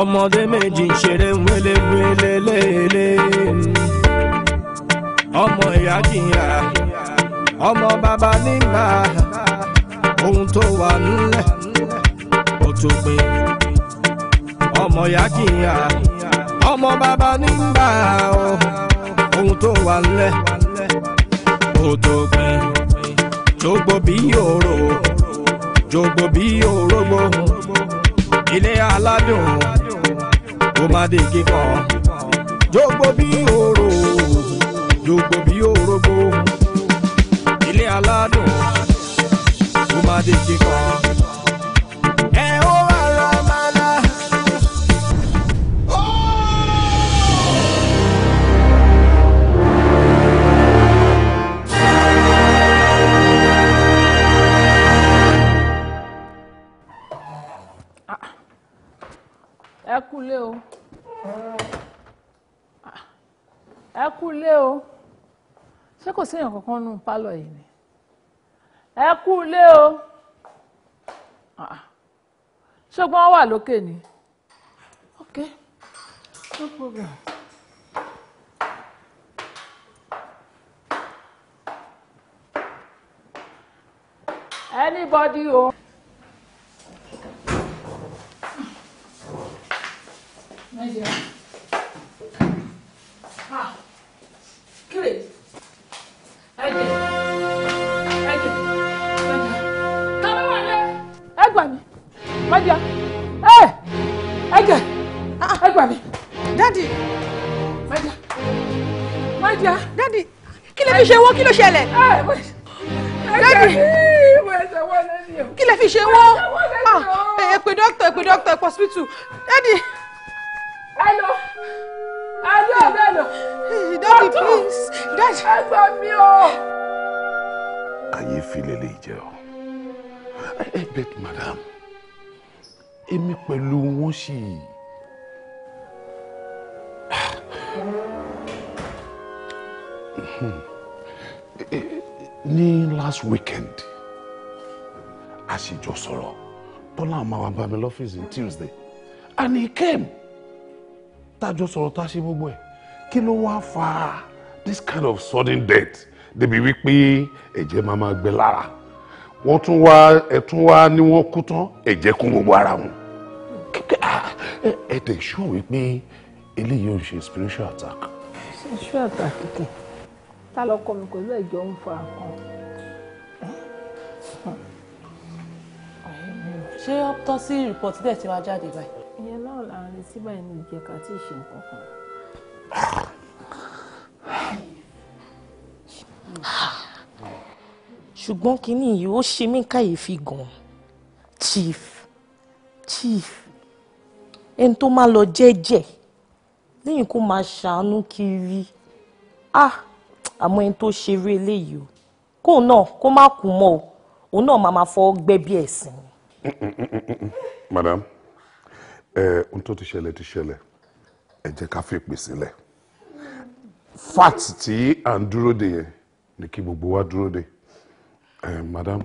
ọmọdé méjì ń ṣeré ń wélé wélé léèlé ọmọ ìyá jìyà ọmọ bàbá nígbà ohun tó wà nílẹ̀ ó tún pé ọmọ ìyá jìyà ọmọ bàbá nígbà ohun tó wà nílẹ̀ ó tún pé jogbo bí òrò jogbo bí òrògbò ilé aládùn ó má dé kíkọ jogbo bí òrò jogbo bí òrògbò ilé aládùn ó má dé kíkọ. o ṣé kò sí èèyàn kankan nù pálọ̀ yìí ni ẹ kú ilé o ah, ṣùgbọ́n wọ́n wà lókè ni ok no problem. anybody o. Oh. Nigeria. Ah kílè ẹ̀jẹ̀ ẹ̀jẹ̀ tàbí wà lẹ. ẹ gbà mí má jà ẹ ẹ̀jẹ̀ ẹ gbà mí. dadi. má jà má jà. dadi kí lè ah, fi ṣe wọ́n kí ló ṣẹlẹ̀. dadi kí lè fi ṣe wọ́n ah, ẹ pè dókítà ẹ pè dókítà ẹ pọ̀ síbítù ayé ọ̀rẹ́ nà. daddy please daddy. ẹ gbà mí o. kàyéfì lélẹ̀ ìjẹ́ o ẹ bẹ́ẹ̀ tí madam èmi pẹ̀lú wọn sì. Hmm. Eh, eh, ní last weekend a sì jọ sọ̀rọ̀ Bọ́lá máa bá mi lọ́fíìsì Tuesday and he came tájọ sọ̀rọ̀ tá a ṣe gbogbo ẹ̀ kí ló wá fa this kind of sudden death débi wípé ẹ̀jẹ̀ máa máa gbẹ lára wọ́n tún wá ẹ̀tún wá ní wọ́n kú tán ẹ̀jẹ̀ kún gbogbo ara wọn ah, ẹ tẹ̀ ṣú wípé eléyìí ò ṣe spiritual attack. spiritual attack kìkì ta lọkọ mi pẹ̀lú ẹ̀jọ̀ ń fa nǹkan. ṣé autopsy report dẹ̀ ti wá jáde báyìí ìyẹn náà là ń retí báyìí ní ìjẹka tí ì ṣe nǹkan kan. ṣùgbọ́n kínní yìí ó ṣe mí káyèéfì gan-an chief chief ẹni tó máa lọ jẹ́jẹ́ lẹ́yìn kó máa ṣàánú kiri ah àmọ́ ẹni tó ṣeré eléyìí o kóun náà kó má kú mọ́ o òun náà máa máa fọ́ gbẹ́bí ẹ̀sìn. madam ẹ ohun tó ti ṣẹlẹ̀ ti ṣẹlẹ̀ ẹ jẹ́ ká fi ìpè sílẹ̀ fact tí à ń dúró de yẹn ni kí gbogbo wa dúró de ẹ madam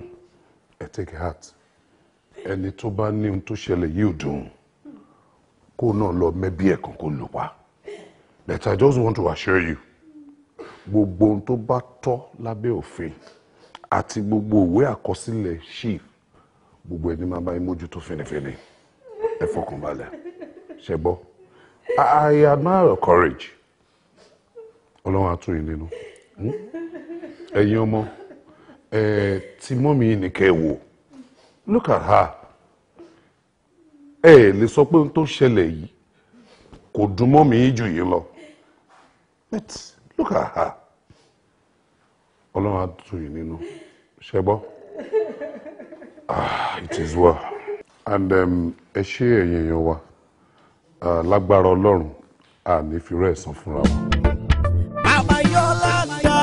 ẹ take heart ẹni tó bá ní ohun tó ṣẹlẹ̀ yìí ò dùn kó náà lọ mẹ́bí ẹ̀kan kó lù pa but I just want to assure you gbogbo ohun tó bá tọ́ lábẹ́ òfin àti gbogbo òwe àkọsílẹ̀ ṣì gbogbo ẹni máa bá yín mójútó fínífíní ẹ fọkàn balẹ̀ ṣe gbọ́ I admire your courage ọlọ́run á tún yín nínú hmm? ẹ̀yin ọmọ ẹ̀ tí mọ́mí yìí nìkẹ́ wò look at her ẹ ẹ lè sọ pé ohun tó ṣẹlẹ̀ yìí kò dùn mọ́ mi jù yìí lọ but look at her ọlọ́run á tún yín nínú ṣe gbọ́ ah it is well and um, ẹ ṣe ẹ̀yin èèyàn wa lágbára ọlọ́run a ní fi rẹ̀ san fúnra wa. àbáyọ́lá ta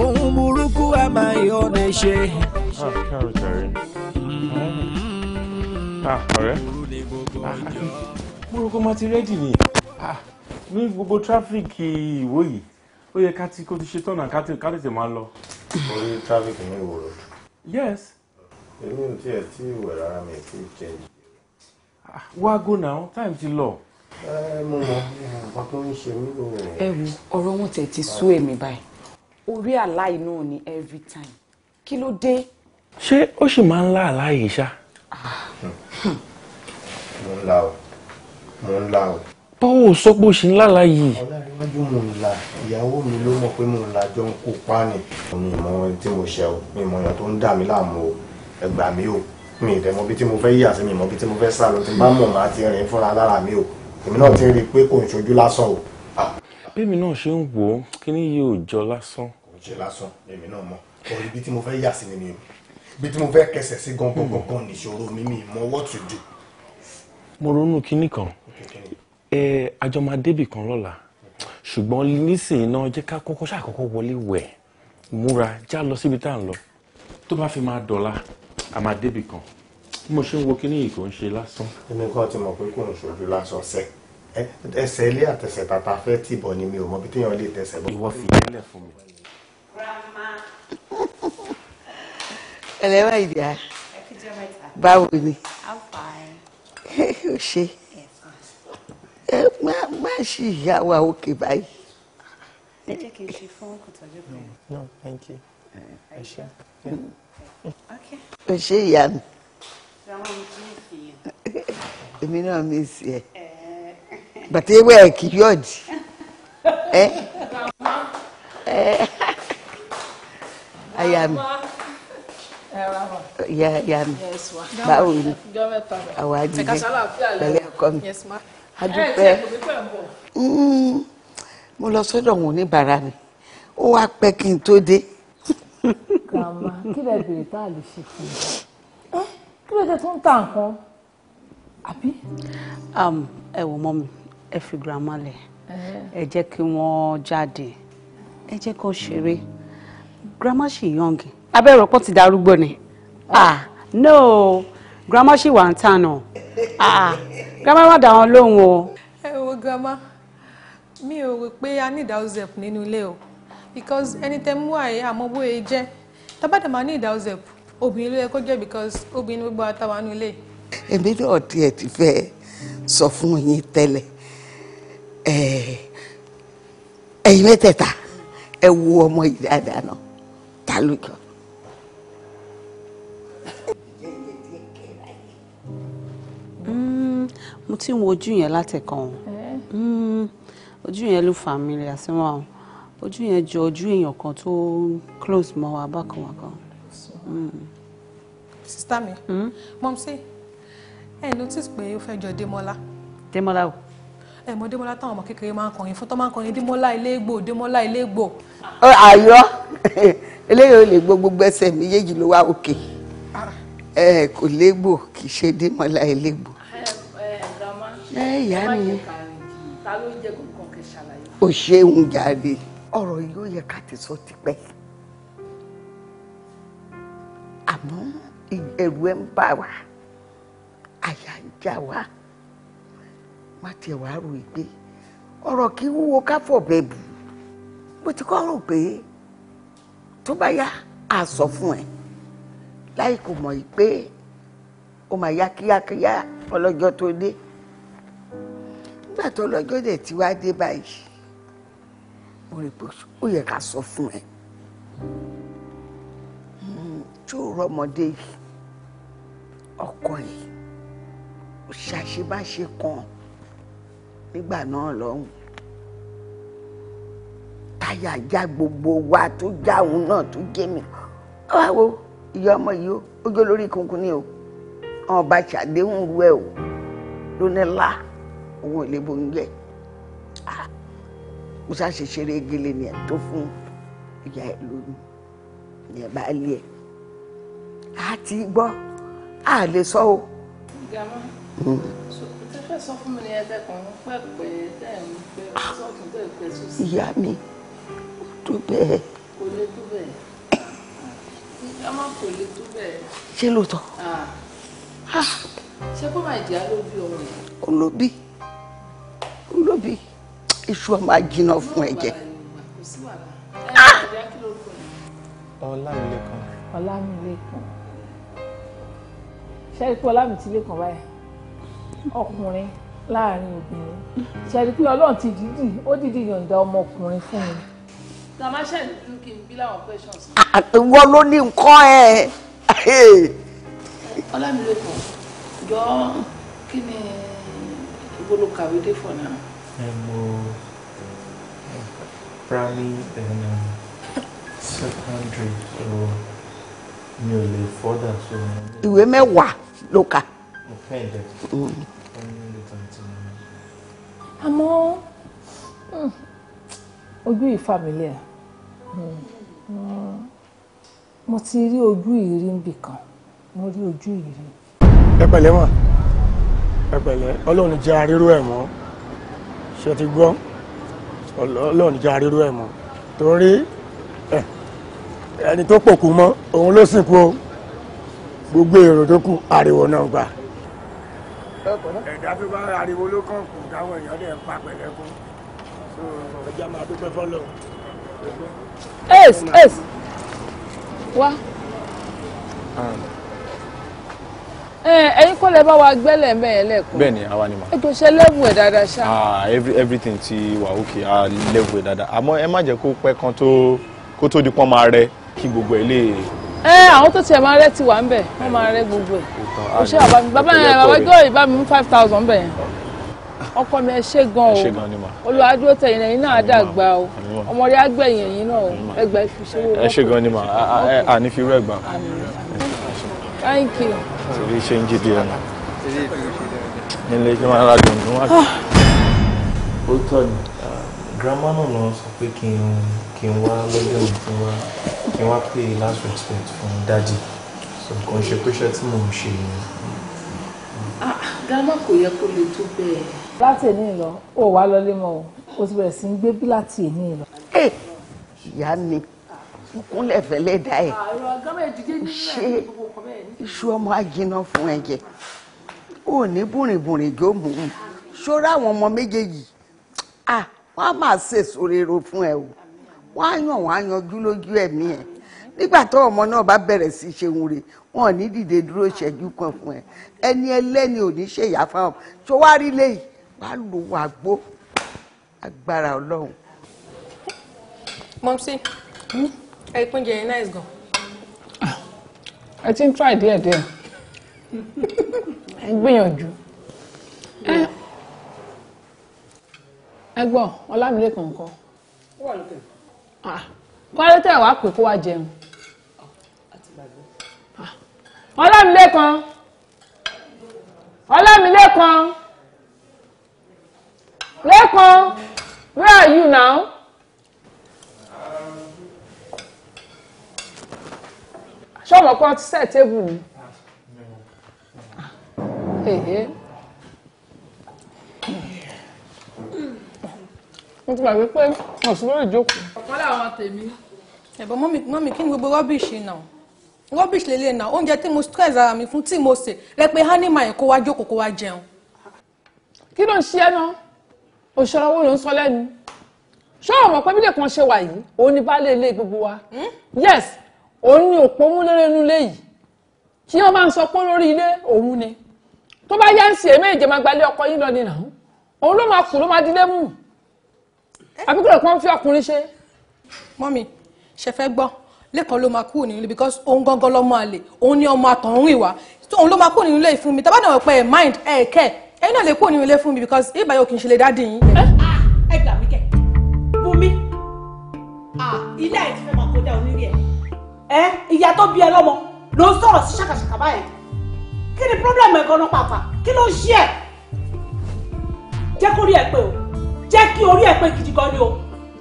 ohun burúkú àbáyọ́ ní ṣe. Ah, mm-hmm. ah, ọ̀rẹ́ múrukú máa ti rẹ́dì ni ah, ní gbogbo tráfíkì ìwó yìí ó yẹ ká ti kó ti ṣe tọ́nà ká tètè máa lọ. orí tráfíkì ní ìwòrò. yes èmi ò tiẹ̀ ah, now time ti lọ. ẹ mo mọ nǹkan tó ń ṣe mí o. ẹ wo ọ̀rọ̀ wọn tẹ̀ ti sú èmi báyìí orí àláì ni every time kí ló dé. ṣé ó sì máa ń lá àláì ṣá. mo ń la o mo ń la o. báwo sọ pé o ṣì ń lálàá yìí. ọlọ́run mo ń la ìyàwó mi ló mọ̀ pé mo ń la jọ ń kópa ni. mi ò mọ ohun tí mo ṣe o mi ò tó ń dà mí láàmú o ẹ gbà mí o mi ìdẹ̀ mọ́bí tí mo fẹ́ yíyà sí mi mọ́bí tí mo fẹ́ sá lọ tí bá mọ̀ máa ti rìn fúnra lára mi o èmi náà ti rí i pé kò ń ṣojú lásán o. bẹ́ẹ̀mi náà ṣe ń wò ó kíní yìí ò jọ lásán. kò jẹ lásán èmi náà mọ orí ibi tí mo fẹ́ yà sí ni mi o ibi tí mo fẹ́ kẹsẹ̀ sí hmm. gangan gangan nìṣòro mi mi mọ what to do. mo ronú kíní kan ẹ àjọmọdébì kan lọ́la ṣùgbọ́n nísìnyí náà jẹ́ ká kọ́kọ́ ṣàkọ́kọ́ wọlé wẹ̀ múra já lọ síbi tá à ń lọ tó bá fi máa dọ̀la a máa débì kan bí mo ṣe ń wo kíní yìí kò ń ṣe lásán. èmi kan ti mọ̀ pé kò ń ṣojú lásán sẹ́ ẹsẹ̀ ilé àtẹsẹ̀ tata fẹ́ tìbọ̀ ni mi ò mọ bí téèyàn lè tẹsẹ̀ bọ́. ìwọ fi ilẹ̀ fún mi. ẹlẹ́wà ìdí à báwo ni ó ṣe ẹ má ṣì yá wa òkè báyìí. ẹ jẹ́ kí n ṣe fún kòtọ́jú pé. no thank you. ẹ ṣe o ṣe ìyá mi èmi náà mi sì ẹ bàtà ewé ẹ kì yóò di ẹ ẹ aya mi ya ya mi báwo ni àwọn àjíjẹ pẹ̀lẹ́ ọkọ mi adúpẹ́ mm, mo lọ sọ́dọ̀ wọn oníbàárà mi ó wá pẹ́ kí n tó dé grandma kí lè béèrè tá a lè ṣe fún mi kí lè jẹ́ tó ń ta nǹkan àbí. Um, ẹ wò mọ́ mi ẹ fi grandma lẹ̀ ẹ jẹ́ kí wọ́n jáde ẹ jẹ́ kó ṣeré grandma ṣì yọ̀ǹgì abẹ́rẹ́ ọ̀pọ̀ ti darúgbó ni ah no grandma ṣì wà ń tànà ah, ah grandma má dà wọn lóhùn o. ẹ wo grandma mi ò rò pé a ní ìdáhùn zef nínú ilé o because ẹni tẹ́ mú àyè àmọ́ bó e jẹ́ tábàdà máa ní ìdáwọ́sẹ̀ obìnrin ló yẹ kó jẹ́ because obìnrin gbogbo àtàwọn àánú ilé. èmi náà tiẹ̀ ti fẹ́ sọ fún yín tẹ́lẹ̀ ẹ̀yin mẹ́tẹ̀ẹ̀ta ẹ wo ọmọ yìí dáadáa náà ta ló jọ. Hmm, mo ti ń wo ojú yẹn látẹ̀kọ̀ hmm, ojú yẹn ló familiar sí wọn ojú yẹn jọ ojú èèyàn kan tó close mọ́ wa bákan wa kan. Mm. sista mi hmm? mom sí ẹ notice pé ó fẹ́ jọ Démọ́lá. Démọ́lá o. ẹ mọ Démọ́lá táwọn ọmọ kékeré máa ń kọrin fún tó máa ń kọrin Démọ́lá iléègbò Démọ́lá iléègbò. àyọ eléyìí ò lè gbó gbogbo ẹsẹ̀ méjèèjì ló wá òkè ẹ kò léègbò kì í ṣe Démọ́lá iléègbò. ẹ ìyá mi. ta ló jẹ kókó kẹ ṣàlàyé. o ṣeun jàre ọ̀rọ̀ yìí ó yẹ ká ti sọ tipẹ́ àmọ́ ẹ̀rù ẹ̀ ń bà wá àyà ń jà wá má tiẹ̀ wá rò yìí pé ọ̀rọ̀ kì í wúwo ká fọ̀bẹ bù mo ti kọ́ rò pé tó bá yá a sọ fún ẹ láì kò mọ̀ yìí pé ó máa yá kíákíá ọlọ́jọ́ tó dé nígbà tó ọlọ́jọ́ dẹ̀ ti wá dé báyìí mo rí pé ó yẹ ká sọ fún ẹ hmm, tó rọmọdé yìí ọkọ yìí ó ṣàṣebáṣe kan nígbà náà lọ́hùn táyà já gbogbo wa tó já òun náà tó jẹ́ mi báwo ìyá ọmọ yìí ó jó lórí kunkun ni o àwọn ọba ṣàdéhùn rú ẹ o ló la òun ò lè bo ń jẹ ah, mo ṣàṣe ṣeré egele ni ẹ tó fún ìyá ẹ lóyún ni ẹ bá lé ẹ a ti gbọ́ a lè sọ o. gàmá hmm. tí fẹ́ sọ fún mi ni ẹgbẹ́ kan pẹ̀pẹ́ tẹ̀ ń pẹ́ sọ́ọ̀tún tẹ̀ pẹ́ sọ́sì. ìyá mi kò tó bẹ́ẹ̀. kò lè tó bẹ́ẹ̀ gàmá kò lè tó bẹ́ẹ̀. ṣé lóòótọ́. Ah. Ah. ṣé kó máa jẹ́ alóbi ọ̀rọ̀. olóbi olóbi iṣu ọmọ ajiná fún ẹ̀jẹ̀. Ah! ọlámilékan. ọlámilékan ṣe é pé ọlámilékan báyìí ọkùnrin láàrin obìnrin ṣe é pé ọlọ́run ti dídì ó dídì yọ̀ǹda ọmọkùnrin fún mi. tamasha ní kí n bí láwọn questions. àtiwọ́ ló ní nǹkan ẹ̀. ọlámilékan jọ kí ni ìbolo kàwé dé fọ̀ náà um, primary and um, uh, secondary so mi ò lè fọ́dà so. ìwé mẹ́wàá ló kà. mo fẹ́ ìdẹ. Mm. àmọ́ hmm, ojú ìfàmìlì ẹ̀ hmm, mo ti rí ojú ìrí níbì kan mo rí ojú ìrí. ẹ pẹ̀lẹ́ mọ̀ ẹ pẹ̀lẹ́ ọlọ́run jẹ́ aríró ẹ̀ mọ́ ṣe ti gbọ́ ọlọ́run jẹ́ arírú ẹ̀ mọ́ torí eh, ẹni tó pòkú mọ́ òun ló sìnkú o gbogbo èrò tó kù ariwo náà gbà. ẹ̀dá tó bá ariwo ló kàn kù táwọn èèyàn dẹ̀ ń pa pẹ̀lẹ́kún ọjà máa dúpẹ́ fọ́lọ́. ace ace wá. Um, ẹ̀yin kọ́ lẹ bá wa gbẹ́lẹ̀ mẹ́yẹn lẹ́ẹ̀kan. bẹ́ẹ̀ ni àwa ni ma. ètò ṣe level ẹ̀ dáadáa ṣá. ah every everything ti wa okay ah level ẹ̀ dáadáa àmọ́ ẹ má jẹ́ kó pẹ́ kan tó kó tó di pọ́n máa rẹ kí gbogbo ẹ̀ lè. ẹ àwọn tó tiẹ̀ máa rẹ ti wà ń bẹ̀ wọ́n máa rẹ gbogbo ẹ̀ kò ṣe bàbá mi bàbá yẹn bàbá gbọ́ ìbá mi five thousand bẹ̀ yẹn ọkọ mi ẹ ṣe gan o olùwádúró tẹ̀yìn ẹ̀yin náà dàgbà o ọmọ rẹ àgbẹ̀yìn ẹ̀yin náà o ẹgbẹ́ ìfiṣẹ́ owó. ẹ ṣe gan ni ma a ní fi rẹ̀ gbà. thank you torí ṣe ń jíde ẹnu nílé kí wọ́n rájọ ní wájú. ó tọ́ ni grandma náà lọ sọ pé kí n kí n wá lọ́jọ́ òní kí n wá kí n wá pay last respect fún daddy so kò ń ṣe pẹ́ṣẹ́ tí mò ń ṣe yẹn. Ah, grandma kò yẹ kó lè tó bẹ́ẹ̀. láti èní lọ ó wá lọlé mọ́ o ó ti bẹ̀rẹ̀ sí í gbé bí láti èní lọ. Eh, ìyá mi kúnlẹ̀ fẹ́lẹ́ dá ẹ̀ ṣe iṣu ọmọ aginá fún ẹ jẹ ò ní bùrìnbùrìn jó mú un ṣọ́ra àwọn ọmọ méjèèjì ah wọ́n á máa ṣèṣò rero fún ẹ o wọ́n á yàn wọ́n á yanjú lójú ẹ̀mí ẹ̀ nígbà tó ọmọ náà bá bẹ̀rẹ̀ sí ṣeun rè wọn ò ní dìde dúró ṣẹ́jú kan fún ẹ ẹni ẹlẹ́ni ò ní ṣèyà fáwọn tó wá rí léyìí wàá lò wá gbó agbára ọlọ́run. mọ́mísí. Hmm? ẹ̀pọ́njẹ yẹn nice gan. ẹ ti ń try díẹ̀ díẹ̀ ẹ ń gbìyànjú ẹ gbọ́ ọlámilẹ́kàn kan kọ́lẹ́tẹ̀ wàá pè kó wá jẹun ọlámilẹ́kàn where are you now. ṣọ́mọ̀ kan ti set table. ni. mo ti gbàgbé pé ọ̀sùn lórí ìjókòó. ọ̀pọ̀ làwọn tèmi. ẹ̀bọ̀n mọ́mì kí ni gbogbo rọ́bìṣì náà rọ́bìṣì lélẹ̀ náà oúnjẹ tí mo stress ara mi fún tí mo sè rẹpẹ hánìmá yẹn kó wá jókòó kó wá jẹun. kí ló ń ṣe ẹ́ náà òṣèré owó ló ń sọ lẹ́nu ṣọ́ọ̀mọ̀ pé bílẹ̀ kan ṣe wà yìí òun ni baálé ilé gbogbo wa. Hmm? yes òun ni òpó múlẹ́rẹ́ nulẹ̀ yìí tí wọ́n bá ń sọ pé lórí ilé òun ni tó bá yá ń sè é méje máa gbalẹ̀ ọkọ yín lọ ni nà òun ló máa kù ló máa dilé mú àbí kúrò kan fi ọkùnrin ṣe. mọ́mi ṣe fẹ́ gbọ́ lẹ́kọ̀ọ́ ló máa kú nínú ilé because òun gangan lọ́mọ àlè òun ni ọmọ àtọ̀hún ìwà òun ló máa kú nínú ilé fún mi tàbá náà pẹ́ ẹ̀ mind ẹ̀ kẹ́ ẹ̀yin náà lè kú nínú ilé fún mi because ìbáyọ̀ kì í ṣe lè dáàdì yín. Ah, ẹ gbà mí kẹ bùnmi ah, ilé ẹ̀ ti fẹ́ máa ẹ eh, ìyá tó bí ẹ lọ́mọ ló ń sọ̀rọ̀ sí ṣàkàṣàkà báyìí kí ni pírọ́blẹ̀mù ẹ̀ gan-an pàpà kí ló ń ṣe ẹ̀ jẹ́ kó rí ẹ pé o jẹ́ kí orí ẹ pé gidi gan ni o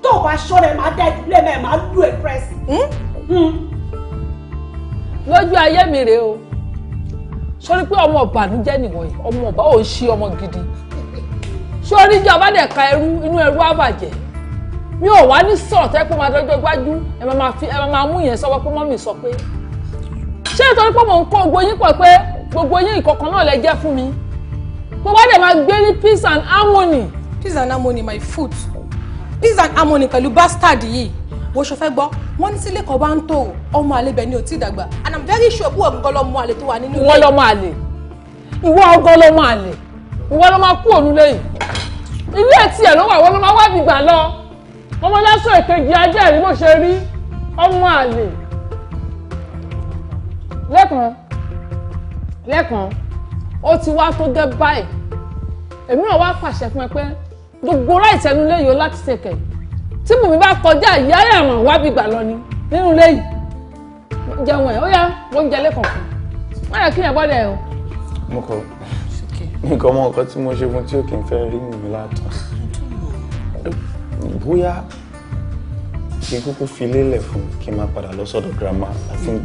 tó o bá ṣọ́ra ẹ máa dá ìdílé ẹ máa lù ẹ pẹ́sì. lójú ayé mi rèé o sórí pé ọmọ ìbànújẹ́ nìwọ̀n yìí ọmọ ọba ò ń ṣe ọmọ gidi sórí ìjọba dẹ̀ ka ẹrú inú ẹrú á bàjẹ́ mi ò wá ní sọ̀rọ̀ tẹ́ pé máa dọ́jọ́ gbájú ẹ máa fi ẹ máa mú yẹn sọ́wọ́ pé mọ́mì sọ pé ṣé nítorí pé mò ń kó gbogbo yín pọ̀ pé gbogbo yín ìkọ̀kan náà lẹ jẹ́ fún mi pé wọ́n dẹ̀ máa gbé ní peace and harmony. peace and harmony my foot peace and harmony pẹ̀lú bastard yìí wo ṣe fẹ́ gbọ́ wọ́n ní sílé kan bá ń tò ọmọ àlè bẹ̀ ni ò tí ì dàgbà and i'm very sure pé ògùn gọlọmọ àlè tó wà nínú ilé. ìwọ lọmọ àlè ìwọ gọlọmọ àlè ìwọ lọmọ kú òun lẹ́yìn ilé tiẹ̀ ló wà ọmọ lásán ìkejì ajá rí bó ṣe rí ọmọ àlè lẹ́kan lẹ́kan ó ti wá tó dé báyìí èmi náà wá pàṣẹ fún ẹ pé gbogbo ọ̀rọ̀ ìtẹnulé yìí ó láti ṣèkẹ̀ tí mùmí bá kọjá ìyá ẹ̀ràn wá bí gbà lọ ni nínú ilé yìí jẹun ẹ̀ ó yá wọ́n ń jẹ lẹ́kàn fún un wọ́n yà kí ẹ̀ bọ́lẹ̀ o. mo kọ mi kọ mọ nǹkan tí mo ṣe fún tí ò kì í fẹ́ rí mi látọ̀ bóyá kí n kúkú fi lélẹ̀ fún kí n máa padà lọ sọ́dọ̀ grandma i think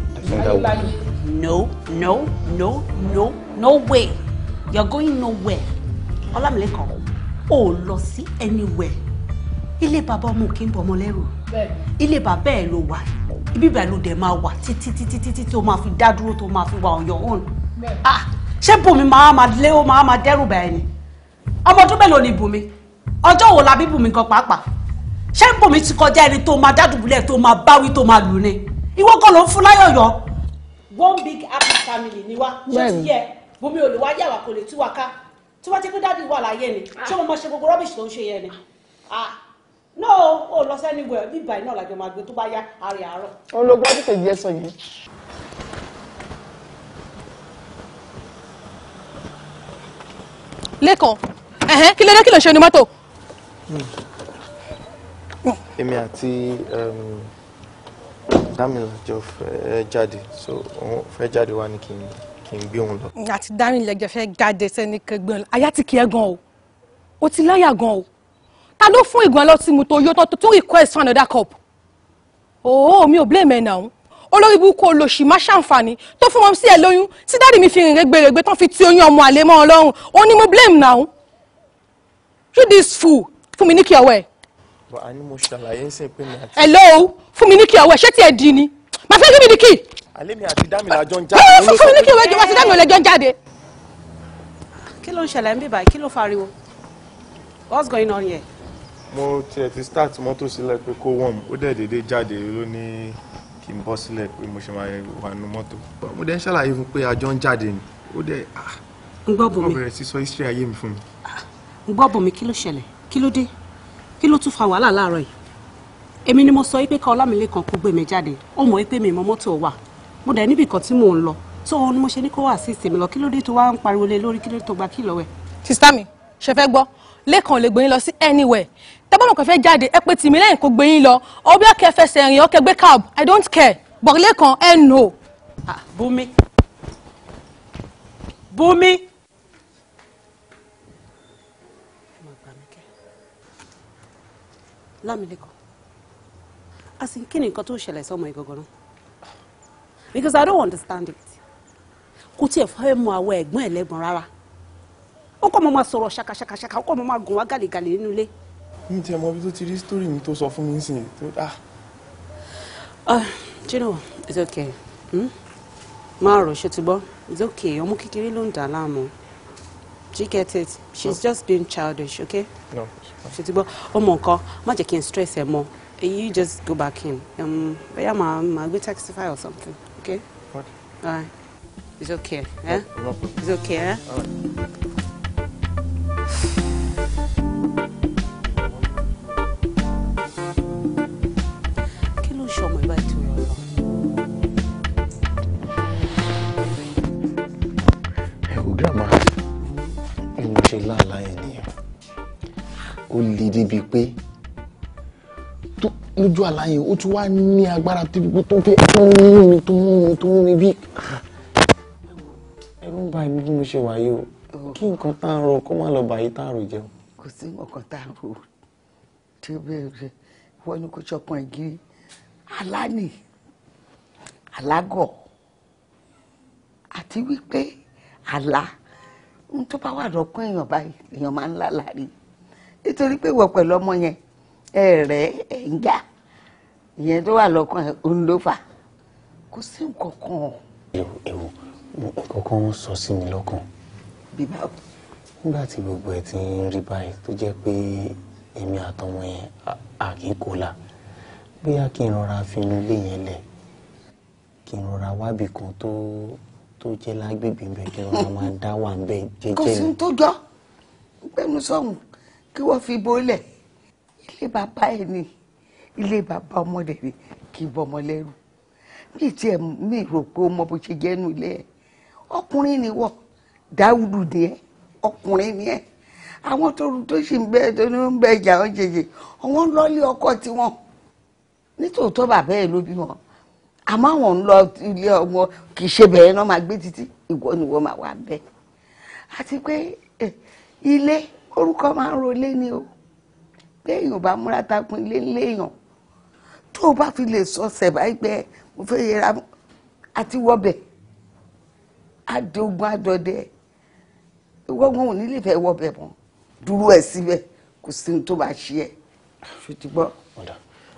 no no no no no way you're going nowhere ọlámilẹ́kan ò lọ sí anywhere ilé bàbá ọmọ òkè ń bọ ọmọ lẹ́rù ilé bàbá ẹ̀ ló wà ibi ìbàlẹ̀ ló dẹ̀ máa wà títí títí títí tó máa fi dá dúró tó máa fi wà on your own ah ṣé bùnmi máa máa lé ó máa máa dẹ́rù bá ẹni ọmọ ọdún mélòó ni bùnmi ọjọ́ wo la bí bùnmi gan pàápàá ṣé bòmí ti kọjá ẹni tó máa dádùbúlẹ̀ tó máa báwí tó máa lù ni ìwọ kan ló ń fún láyọ̀ yọ. one big happy family ni wá ṣé ti yẹ bòmí ò lè wá yàwá kò lè tú wa ká tí wọ́n ti pín dádì wà láyé ni ah. ṣé mo máa ṣe gbogbo rọ́bìṣì tó ń ṣe yẹn ni ah. no o lọ sẹ́ni wẹ̀ bí ìbàyìí náà làjọ máa gbé tó bá yá àárẹ̀ àárọ̀. ológun ọdún kejì sọ yìí. lẹ́kọ̀ọ́ kí ló ṣe onímọ́tò. Hmm èmi àti um, Dámilá jọ fẹ́ jáde so òun fẹ́ jáde wá ní kí n kí n gbé òun lọ. àti Dámilá jọ fẹ́ jáde sẹ́ni kẹgbẹ́ ọ̀la àyà ti kí ẹ gan o o ti láyà gan o ta ló fún ìgbọ̀n ọlọ́tí mu tó yọ tó tó request for another cup òó oh, mi ò blame ẹ̀ náà olórí burúkú olóṣì má ṣàǹfààní tó fún wọn sí ẹ lóyún tí dáàdì mi fi rìn rẹgbẹrẹgbẹ tán fi ti oyún ọmọ àlè mọ́ ọ lọ́rùn òun ni mo blame now you this fool fún mi ní kí ọwọ́ ẹ̀ bọ̀ a hello fún mi ní kí ọwọ́ ẹ ṣé tí ẹ di ni màá fẹ́ kí mi ní kí. alẹ́ mi àti dámi làjọ ń jáde. fún mi ní kí ọwọ́ ẹjọ́ àti dámi làjọ ń jáde. kí ló ń ṣẹlẹ̀ ń bíbá kí ló fariwo what's going on here. mo tiẹ̀ ti start mọ́tò sílẹ̀ pé kó wọ́n ó dẹ̀ dédé jáde ló ní kí n bọ́ sílẹ̀ pé mo ṣe máa wà nínú mọ́tò. mo dẹ̀ ń ṣàlàyé fún pé àjọ ń jáde ni ó dẹ̀ ń ah, gbọ́ bòmí ń ah, gbọ́ bòmí kí ló ṣẹlẹ̀ kí ló dé kí ló tún fa wàhálà láàárọ̀ yìí èmi ni mo sọ pé ká ọlámilẹ́kan kó gbé mi jáde ó mọ̀ pé mi mọ mọ́tò wà mo dẹ̀ níbì kan tí mò ń lọ tó òun ni mo ṣe ní kó wá sí ìsinmi lọ kí ló dé tó wá ń pariwo lé lórí kí ló tó gba kí lọ́wẹ́. sista mi ṣe fẹ́ gbọ́ lẹ́kàn lè gbóyin lọ sí anywhere tẹ́gbọ́n kan fẹ́ jáde ẹ pé tìmí lẹ́yìn kó gbóyin lọ ọbẹ̀ kẹ fẹsẹ̀ rìn ọ́ gbé cab i don't care bọ̀ lẹ́kàn ẹ̀ no. Ah, Bùnmi Bùnmi. Lámilẹ́kọ̀ọ́ asin kí ni nǹkan tó ṣẹlẹ̀ sọmọ ìgangan náà because I don't understand it kò tiẹ̀ fẹ́ mọ àwọn ẹ̀gbọ́n ẹ̀lẹ́gbọ̀n rárá ó kọ́ mọ máa sọ̀rọ̀ ṣakaṣakaṣaka ó kọ́ mọ máa gùn wá gàlégàlé nínú ilé. mi tiẹ̀ mọ ibi tó ti rí sítórì mi tó sọ fún mi nísìnyí tó dá. Ah. Ah, do you know it's okay máa rò ṣe ti gbọ́ it's okay ọmọ kékeré ló ń dà láàmú do you get it she's just being childish okay. No ṣètì gbọ́ ọmọ nǹkan má jẹ́ kí n stress ẹ mọ́ you just go back in bẹ́ẹ̀ um, yà máa ma, gbé taxify or something okay. What? All It's okay. Eh? It's okay. Eh? All right. ṣe láàlá yẹn ó le débi pé lójú àlàyé ó tún wá ní agbára tó pé tó mú mi tó mú mi tó mú mi bí ẹ̀rù ń bà mí bí mo ṣe wà yìí o kí nǹkan tá a rò kó má lọ bàyí tá a rò jẹun. kò sí nǹkan tá a rò tí ó bẹ̀rẹ̀ wọ́n ní kó ṣọpọ̀ ìgírí alánì alágọ̀ àti wípé àlá ń tó bá wà lọ́kàn èèyàn báyìí èèyàn máa ń lá láàrin nítorí pé wọ pẹ̀lú ọmọ yẹn ẹ̀rẹ́ ẹ̀ ń jà ìyẹn tó wà lọ́kàn ẹ̀ ń ló fà kò sí nǹkan kan. ẹ̀wò ẹ̀wò nǹkan kan ń sọ sí mi lọ́kàn. bíbá o. nígbà tí gbogbo ẹ̀ ti ń rí báyìí tó jẹ́ pé èmi àtọmọ yẹn à kì la bóyá kí n rọra finú lé yẹn lẹ̀ kí n rọra wábì kan tó tó jẹ́ lágbègbè bẹ́ẹ̀ kí n rọra máa dá wà ń bẹ́ẹ̀ jẹ́jẹ́ ni. kò sí ní tó jọ gbẹnusọ̀hún kí wọ́n fi bólẹ̀ ilé bàbá ẹ̀ ni ilé bàbá ọmọdé ni kì í bọ́mọ lẹ́rù mi tiẹ̀ mi rò pé ó mọ bó ṣe jẹ́nu ilé ẹ̀ ọkùnrin ni wọ́ dáúdù ni ẹ ọkùnrin ni ẹ àwọn tó tó sì ń bẹ tó ní ń bẹ ìjà wọn jẹjẹ àwọn ń lọ́ọ́lé ọkọ tiwọn nítòótọ́ bàbá ẹ̀ ló bí wọn àmọ́ àwọn ń lọ ilé ọmọ kì í ṣe bẹ̀rẹ̀ náà máa gbé títí ìwọ ni wọ́n máa wà bẹ́ẹ̀ àti pé eh, ilé orúkọ máa ń rolé ni o léèyàn bá múra takun ilé léèyàn tó o bá fi lè sọ sẹ̀bá ìgbẹ́ mo fẹ́ yẹra àti wọbẹ̀ adógun adọdẹ ìwọ́gbọ́n òní lè fẹ́ wọbẹ̀ mọ́ dúró ẹ̀ síbẹ̀ kò sí ní tó bá ṣe ẹ̀ ṣùtì gbọ́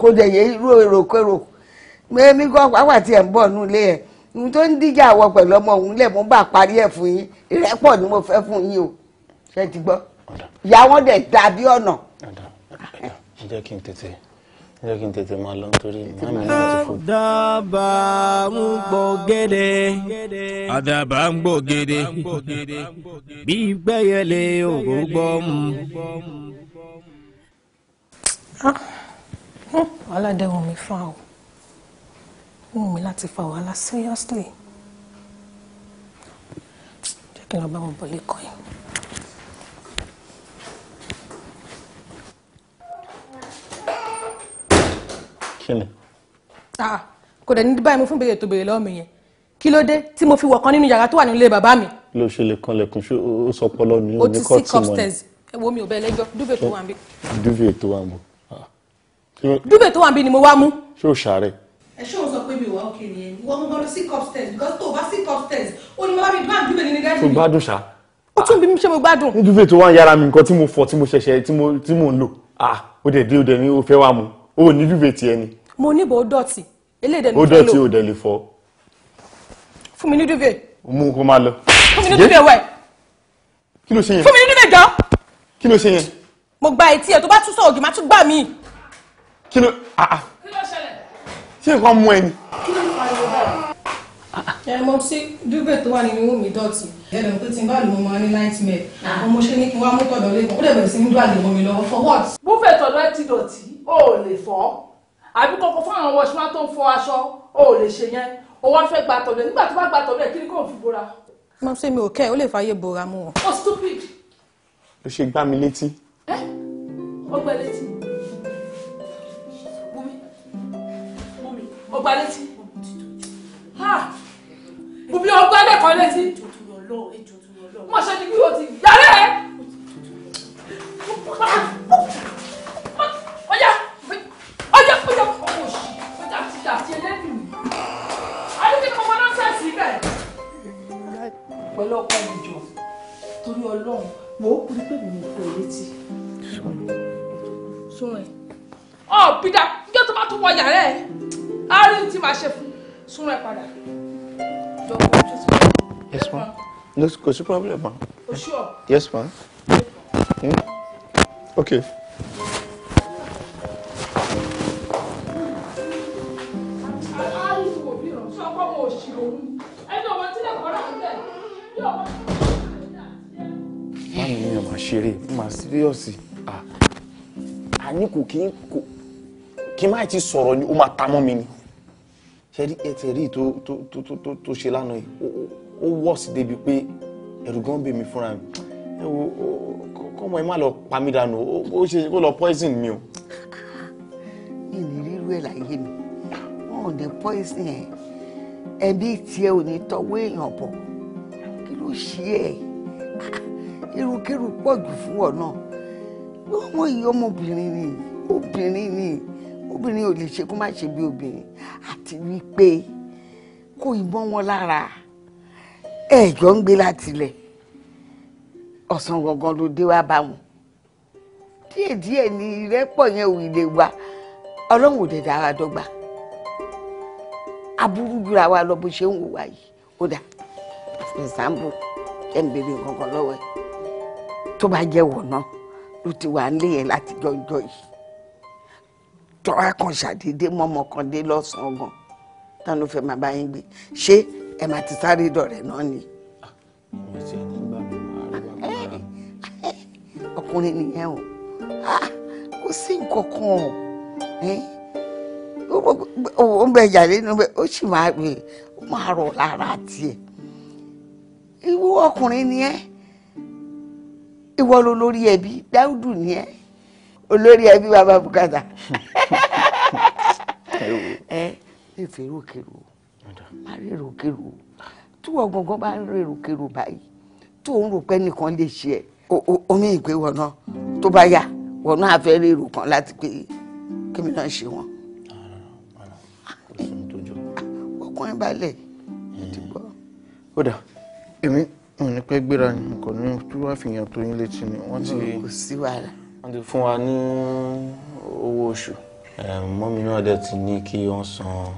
kó dẹ̀ yẹ irú èròkérò mẹ́mí kan pàápàá tiẹ̀ ń bọ̀ nílé ẹ̀ ohun tó ń díjà àwọ̀ pẹ̀lú ọmọ òun lẹ̀ mú bá parí ẹ̀ fún yín ìrẹ́pọ̀ ni mo fẹ́ fún yín o ṣe ti gbọ́ ìyá wọn dẹ̀ dàbí ọ̀nà. ẹ jẹ́ kí n tètè ẹ jẹ́ kí n tètè máa lọ nítorí màmí náà ti fò. àdàbà ń gbọ́ gẹ́dẹ́ àdàbà ń gbọ́ gẹ́dẹ́ bí gbẹ́yẹlé ògùn gbọ́ mu. aládẹ́wọ̀n mi fa o wù mí láti fa wàhálà seriously jẹ́ kí n lọ bá wọn bọ̀ lẹ́kọ̀ọ́ yìí. kí ni. Ah, kò dẹ̀ ní báyìí mo fún ìbéèrè tó béèrè lọ́wọ́ mi yẹn kí ló dé tí mo fi wọ̀kan nínú yàrá tó wà nílé bàbá mi. kí ló ṣe lè kan lẹ̀kùn ṣé ó sọ pọlọ ní oníkọ́ọ̀tì mọ́ ni. o ti sick upstairs ẹ wo mi ò bẹ lẹ́jọ́ dúbẹ̀ tó wà ń bí. tó wà ń bọ̀. Ah. tó wà ń ni mo wá mú. ṣé o ṣàárẹ̀. ẹ ṣé o sọ pé mi ò wá òkè nìyẹn wọ́n mú bọ́dún sick upstairs o bá sick upstairs ó ní bàbá mi bá dúbẹ̀ nínú dájú mi. tó gbádùn tún bí mi ṣe mo gbádùn. ní dúbẹ̀ tó wà ń yára mi nǹkan tí mo fọ tí mo ṣẹ̀ṣẹ̀ tí mo lò ah ó dẹ̀ dé ó dẹ̀ ní ó fẹ́ wá mu o ní dúvé tiẹ̀ ni. mo ní bò ó dọ̀tí eléde mi fẹ́ lò ó dọ̀tí ò dẹ̀ lè fọ. fún mi ní dúvé. mú kó máa lọ. fún mi ní dúvé wẹ̀. kí ló ṣe yẹn. fún mi ní dúvé jọ. kí ló ṣe yẹn. mo gba etí ẹ tó bá tún sọ ògì má tún gbà mí. kí ló àà. Ah, ah. kí ṣẹlẹ̀. ṣé nǹkan mú ẹ ni. Ah, ẹ mọ sí dúvé tó wà nínú mi dọ̀tí ẹ̀rọ pé tí n bá lò mo máa ní nightmare àwọn ah. ọmọ ṣe ní kí n wá mú tọ̀dọ̀ lẹ́kọ̀ọ́ ó dẹ̀ bẹ̀rẹ̀ sí ní dúàlè mọ́ mi lọ́wọ́ for what. búfẹ̀ tọ̀dọ̀ ẹ ti dọ̀tí o ò lè fọ́ àbí kókó fún àwọn wọ́ṣọ́ máa tó ń fọ aṣọ o ò lè ṣe yẹn o wá fẹ́ gba tọ̀dọ̀ nígbà tó bá gba tọ̀dọ̀ ẹ̀ kí ni kò fi bora. mo ṣe mi ò kẹ́ ó lè fàyè bora mu wọn. o stupid. ló ṣe gbá mi létí. ẹ ó gbá létí bumi bumi ó gbá létí bumi ó gbá lẹ́kọ̀ọ́ Ọlọ́run ẹjọ́ tó lọ lọ́wọ́. Má ṣe ni kí o ti yálé ẹ. Ọjà ọjà ọjà ọkọ̀ òṣì ọjà àti àti ẹlẹ́nu. Adúgbò kan wọn lọ́sẹ̀ síbẹ̀. Pẹ̀lú ọkọ̀ ìjọ torí Ọlọ́run mo ó kúrú pé mi ò fọ létí. Súnmọ́ ẹ̀. Ọ̀ bìdà níjọ́ tó Yes, ma'am. No, kò sí problem ma. O sure? Yes ma. Hmm? Okay. ṣeré? Mà síríọ̀sì. Àní kò kí kí n ti sọ̀rọ̀ ni ó máa ta mi ni. Ṣé ẹ ti rí tó ṣe lánàá yìí? ó wọ́ọ̀sì débi pé ẹ̀rù gan bèmí fúnra mi ẹ wo kọ́mọ ẹ má lọ pa mí dànù ó ṣe kó lọ poison mi o. mi rírú ẹ̀ láyé mi wọn dé poison ẹ̀ ẹbí tiẹ̀ ò ní tọwọ́ èèyàn bọ̀ kí ló ṣe ẹ̀ irunkéru pọ̀ jù fún ọ náà ọmọ yìí ọmọbìnrin ni obìnrin ni obìnrin ò lè ṣe kó má ṣe bí obìnrin àti wípé kó ìbọn wọn lára ẹ jọ ń gbé láti ilẹ̀ ọ̀sán gangan ló dé wá bá wọn díẹ̀díẹ̀ ni ìrẹ́pọ̀ yẹn ò lè wá ọlọ́run ò dẹ̀ dá wa dọ́gba aburú jura wa lọ bó ṣe ń wò wá yìí ó dà ìsàmbù ẹ̀ ń bèrè gangan lọ́wọ́ ẹ̀ tó bá jẹ́ wọ̀ náà ló ti wà nílé yẹn láti jọjọ yìí tọ́ra kan ṣàdédé mọ́mọ́ kan dé lọ́sàn-án gan tán ló fẹ́ máa bá yín gbé ṣé ẹ máa ti sáré dọ̀rẹ́ náà ni. ọkùnrin nìyẹn o kò sí nǹkan kan o ò ń bẹ jàre nínú bẹ ó sì máa gbé ó máa rọ̀ lára tiẹ̀ ìwọ ọkùnrin nìyẹn ìwọ ló lórí ẹbí dáúdù nìyẹn olórí ẹbí bàbá bùkátà ẹ ìfẹ́ rò kérò o má rèrò kérò tí wọ́n gangan bá ń rèrò kérò báyìí tó ń rò pé nìkan lè ṣe ẹ̀ omi ìgbé wọ̀nà tó bá yá wọ̀nà àfẹ́ rèrò kan láti pé kémi náà ṣe wọn. ọkùnrin balẹ̀ ti gbọ́. ó dà èmi ò ní pẹ́ gbéra ni kò ní tí wàá fi yàn tó yín létí ni wọ́n ti kò sí wàhálà. wọ́n ti fún wa ní owó oṣù. mọ́mí náà dẹ̀ ti ní kí wọ́n san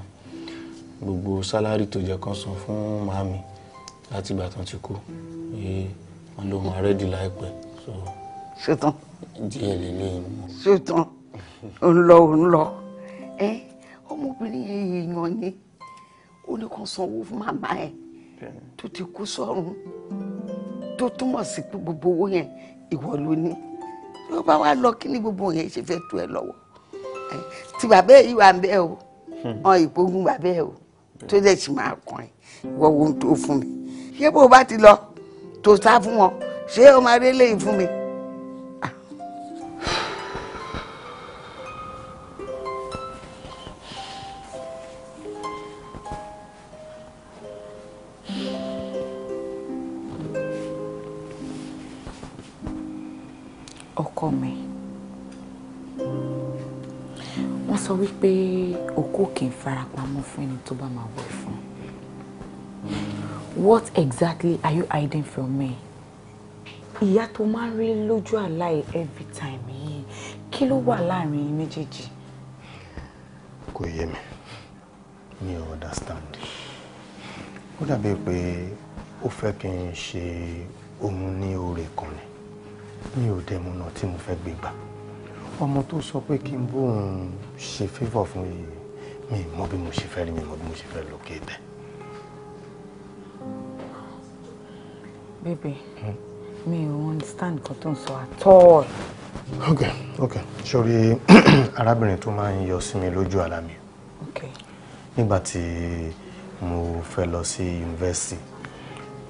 gbogbo sálárì tó jẹ́ kán san fún màmí láti ìgbà tán ti kú wọn ló máa rẹ́dì láìpẹ́. ṣetán. díẹ̀ lélẹ́yìn mọ́. ṣetán ń lọ ń lọ ẹ ọmọbìnrin yẹn èèyàn ni ó ní kó sanwó fún màmá ẹ tó ti kú sọ́run tó túmọ̀ sí pé gbogbo owó yẹn ìwọ ló ní bí ó bá wá lọ kí ni gbogbo yẹn ṣe fẹ́ tó ẹ lọ́wọ́ tí bàbá yìí wà ń bẹ́ẹ̀ o hmm. ọ̀n ìpógun bàbá ẹ o tó lè ṣì máa kàn ẹ́ wọ́n wo tó fún mi ṣé bó o bá ti lọ tó sá fún wọn ṣé o máa rí eléyìí fún mi. ọkọ mi. sọ wípé òkú kì í farapamọ́ fún ẹni tó bá máa wẹ̀ fún what exactly are you hiding from me ìyá tó máa ń rí lójú àlá every time yìí kí ló wà láàrin yín méjèèjì. kò yé mi mi ò understand ó dàbí pé ó fẹ́ kí n ṣe òun ní oore kan ni mi ò dẹ̀ mọ̀nà tí mo fẹ́ gbé gbà ọmọ tó sọ pé kí n bóun ṣe fífọ̀ fún yìí mi mọ bí mo ṣe fẹ́ rí mi mọ bí mo ṣe fẹ́ lókè tẹ̀. Baby, hmm? mi ò understand nǹkan tó ń sọ at all. ok ok sori arábìnrin tó máa ń yọ sí mi lójú àlá mi nígbà tí mo fẹ́ lọ sí yunifásitì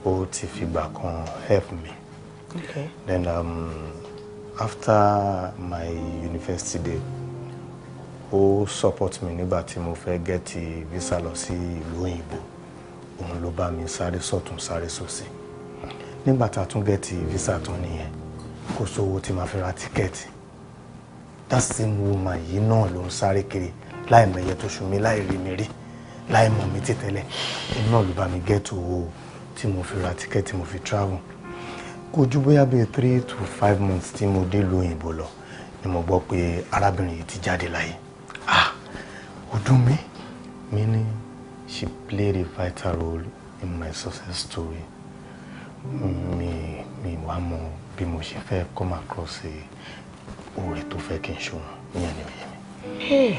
ó ti fìgbà kan help me. Okay. Then, um, after my university day ó support mi nígbà tí mo fẹ́ gẹ́tì visa lọ sí ìlú òyìnbó òun ló bá mi sáré sọ̀tún sáré sòsì nígbà tá a tún gẹ́tì visa tán nìyẹn kò sówó tí màá fi ra tíkẹ́ẹ̀tì that same woman yìí náà ló ń sáré kiri láì mẹyẹ tó ṣù mí láì rí mi rí láì mọ̀ mí títẹ́lẹ̀ òun náà ló bá mi gẹ́tì owó tí mo fi ra tíkẹ́ẹ̀tì mo fi travel kò ju bóyá bíi three to five months tí mo dé lu òyìnbó lọ ni mo gbọ́ pé arábìnrin yìí ti jáde láyé ah ó dùn mi ní she played a vital role in my success story mi mi wá mọ bí mo ṣe fẹ́ come across a oore tó fẹ́ kí n ṣòro ìyẹn ni òye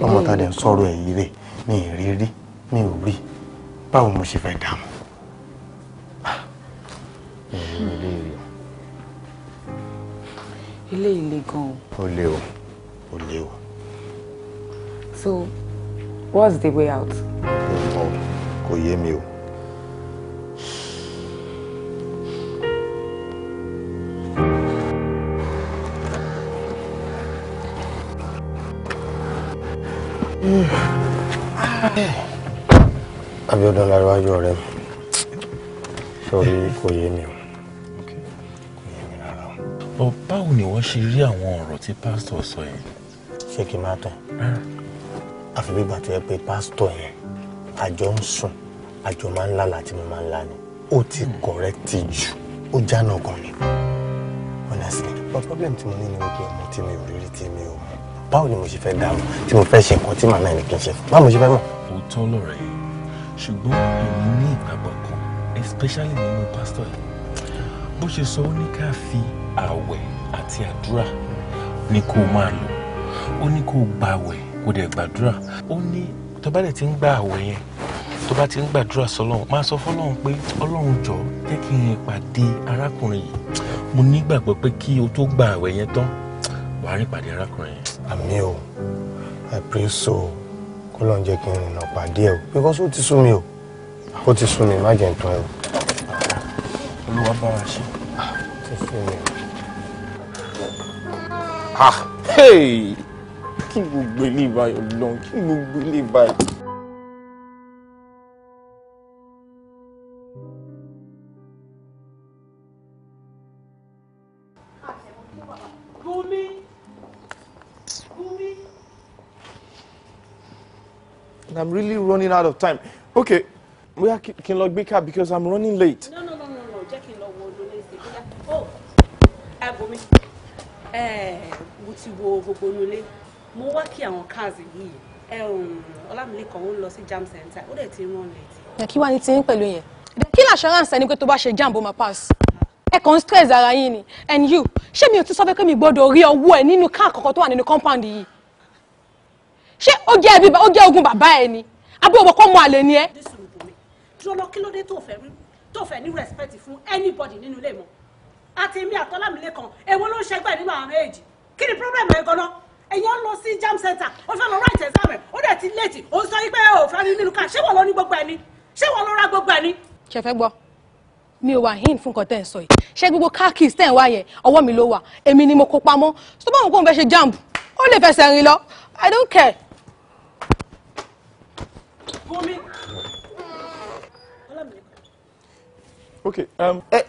mi. ọmọ tá a lè sọ̀rọ̀ ẹ̀yìn rẹ̀ mi ì rí rí mi báwo mo ṣe fẹ́ dààmú nínú ilé ìwé. ilé ilé gan-an. ó lé o ó o. so what's the way out? kò yé mi o. ṣe rí àwọn ọ̀rọ̀ tí pásítọ̀ sọ yẹn. ṣé kí n máa tán àfi bí gbà tó yẹ pé pásítọ̀ yẹn àjọ ń sùn àjọ máa ń lálàá tí mo máa ń lá ni ó ti kọ̀rẹ́tì hmm. jù ó jáná gan ni honestly My problem tí mo ní ni wípé ọmọ tí mi ò rírí tí mi ò mọ báwo ni mo ṣe fẹ́ dáhùn tí mo fẹ́ ṣe nǹkan tí màmá ẹni kì í ṣe báwo mo ṣe fẹ́ mọ̀. òótọ́ lọ̀rọ̀ yìí ṣùgbọ́n èmi ní ìgbàgbọ́ kan especially nínú pásítọ̀ yìí bó ṣe sọ ó ní ká fi àwẹ̀ àti àdúrà ni kó máa lò ó ní kó gbàwẹ̀ kó dẹ̀ gbàdúrà ó ní tó bá dẹ̀ ti ń gba àwẹ̀ yẹn tó bá ti ń gbàdúrà sọ́lọ́run máa sọ fọ́lọ́run pé ọlọ́run jọ jẹ́ kí n pàdé arákùnrin yìí mo nígbàgbọ́ pé kí o tó gba àwẹ̀ yẹn tán wàá rí pàdé arákùnrin yẹn. àmì o I pray so kó lọ́n jẹ́ kí n rìnà pàdé ẹ̀ o because ó ti sú mi o ó ti sú mi má ẹ̀ o. olúwa bá wa ṣe. ó ti sú mi o ah hey kí gbogbo ilé ìbáyọ̀ lọ kí gbogbo ilé ìbáyọ̀. I'm really running out of time. Okay, we kí n lọ gbé because I'm running late. No, no, no, no, no. jẹ́ kí n lọ wo Oh, ẹ bomi ti wo gbogbo inú ilé mo wá kí àwọn cars yìí um, ọlámilẹ́kọ̀ọ́ ń lọ sí jam center ó dẹ̀ ti rán létí. kí wàá ní ti ń pẹ̀lú yẹn kí ni assurance ẹni pé tó bá ṣe jam bó máa pass ẹ kàn ń stress ara yín ni and you ṣé mi ò ti sọ fẹ́ pé mi gbọ́dọ̀ rí ọwọ́ ẹ nínú káà kọ̀ọ̀kan tó wà nínú compound yìí ṣé ó jẹ́ ẹbí ó jẹ́ ogun bàbá ẹ ni abẹ́ òwò kọ́ mọ àlè ni ẹ. dúró kí ló dé tó fẹ́ rí tó fẹ́ ní respect fún anybody nínú ilé mọ́ àti èmi àtọ́lámilẹ́kan èwo ló ń ṣẹgbẹ́ nínú àwọn méjì kí ni problem ẹ̀ gan-an èèyàn lọ sí jam center ó fẹ́ lọ write exam ẹ̀ ó dẹ̀ ti late ó sọ pé ò fẹ́ ní nínú ká ṣé wọ́n lọ ní gbogbo ẹ̀ ni ṣé wọ́n lọ ra gbogbo ẹ̀ ni. ṣe fẹ́ gbọ́ mi ò wà hin fún nǹkan tẹ́ ń sọ yìí ṣé gbogbo káàkiri tẹ́ ń wá yẹn ọwọ́ mi ló wà èmi ni mo kó pamọ́ tó bá wọn kó n fẹ́ ṣe jump ó lè fẹsẹ̀ rìn lọ i don't care. okay um, eh,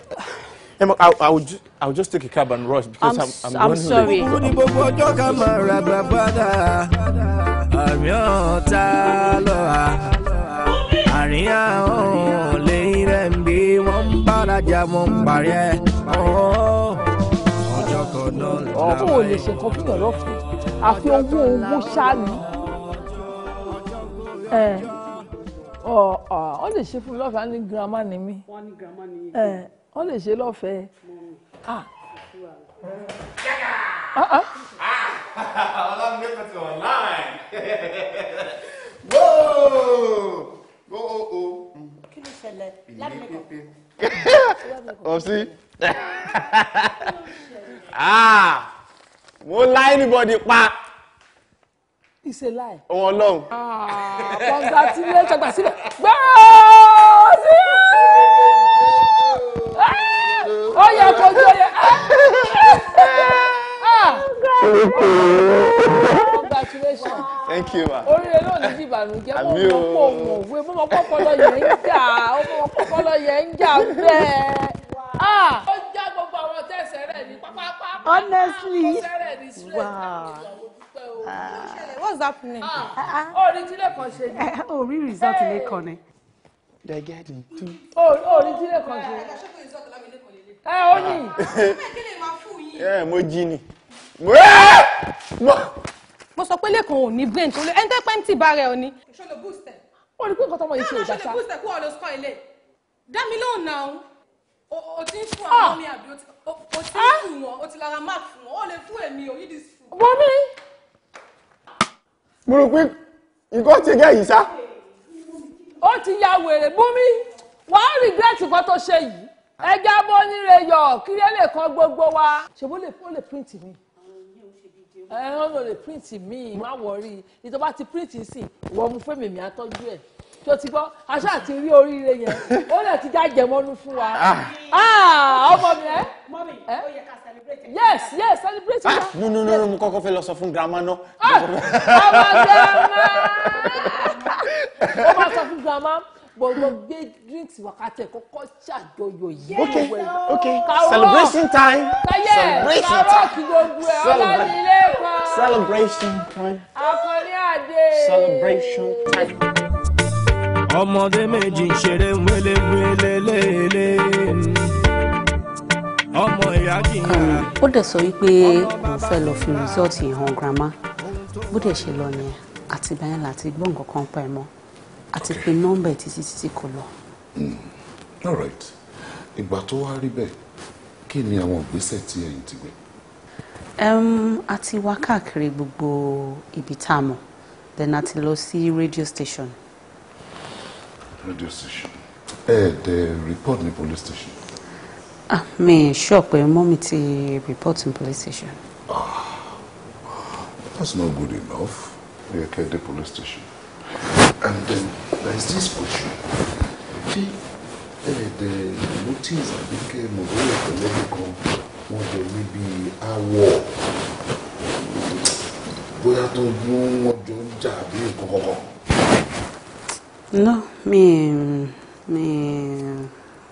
Emma, I, I would ju- I would just take a cab and rush because I'm I'm, I'm, I'm going sorry. late. ní gbogbo ọjọ́ ká àríyá ọ̀hún lè rẹ̀ ń bí wọ́n ń bárajà mọ́ ń parí ẹ̀ ọjọ́ kan náà tó o lè ṣe nǹkan fún ọ̀rọ̀ fún àfi owó owó ṣáájú ẹ ọ ọ lè ṣe fún lọ́fà ní girama ni mí wọ́n lè ṣe lọ́fẹ̀ẹ́. Ah. Ah, ah. ọlọ́run ní pẹ̀tù online. Oh, oh. kí ló ṣẹlẹ̀ lábẹ́kọ̀. ọ̀sí mo lá anybody pa. It's a lie. Ọwọ́ ọlọ́run. Congratulations gbà síbẹ̀ gbẹ́rẹ́. ó yẹ kó Ah, yẹ. congratulations. thank you ma. oríire ah! honestly wow. Uh, what's happening? Oh, tí lè kàn ṣe ni. Eh, oh, result lè kàn ni. they're getting two. orí tí lè kàn ṣe ni ẹ ó yìn. ẹ mo jí ni. mo sọ pé lẹ́kàn ò ní brain tó lé ẹni tẹ́ pẹ́ ń tì bá rẹ̀ ọ ni. ìṣòro boost ẹ̀. wọ́n rí pé nǹkan tọmọ yìí ṣe ìjà ṣá. ìṣòro boost ẹ̀ kó ọ sọ ilé dá lóhùn náà o ti ń fún ah! àwọn mi àbí o ti ń ah! fún wọn o ti lára mark fún wọn o lè fún èmi o yìí dis fún. wọ́n mi. mo rò pé nǹkan ti gẹ̀ yìí sá. ó ti ya wèrè bú mi wàá rìgírẹ́tì kan tó ṣe yìí ẹja bó níre yọ kí lè lè kan gbogbo wa ṣe bó lè ó lè print mi ẹ ó lè print mi má wọrí ìjọba ti print sí ìwọ mu fún mi àtọ́jú ẹ̀ tó ti gbọ́ aṣọ àti rí oríire yẹn ó lè ti já jẹmọ́nú fún wa ah. Ah, ọmọ mi ẹ. mọ́mí ó yẹ ká celebrate. yes yes celebrate ah, wa. no no no mo kọ́kọ́ fẹ́ lọ sọ fún grandma náà. ọmọ grandma ó máa sọ fún grandma gbogbo gbé drinks wákàtí kọ́kọ́ ṣàjọyọ̀ yẹ okay okay celebration time celebration time celebration time celebration time. ọmọdé méjì ń ṣeré wele wele lele ọmọ ìyá kì í yára. ó dẹ̀ sọ wípé mo fẹ́ lọ fi rìsọ́ọ̀tì hàn grandma bó dẹ̀ ṣe lọ nìyẹn àtìgbà yẹn láti gbọ́ nǹkan kan pa mọ́ àti pé nọ́mbà ẹ̀ títí títí kò lọ. Hmm. all right ìgbà tó wá rí bẹ́ẹ̀ kí ni àwọn ìgbésẹ̀ tí ẹ̀yin ti gbé. a ti wá káàkiri gbogbo ibi tá a mọ̀ then a ti lọ sí radio station. radio station ẹ ẹ dẹ report ni police station. ah mi sọ pé mọ́mí ti report ni police station. ah that's not good enough. yẹ kẹ́ ẹ dé police station. And then there is this question. Ṣé ẹ̀ẹ́dẹ̀ eh, notice àbíkẹ́ mọ̀gbọ́n pẹ̀lẹ́bí kan wọ́n jọ níbi awọ̀ bóyá tó mú wọn jọ ń jà bí nǹkan kankan? No, mi mi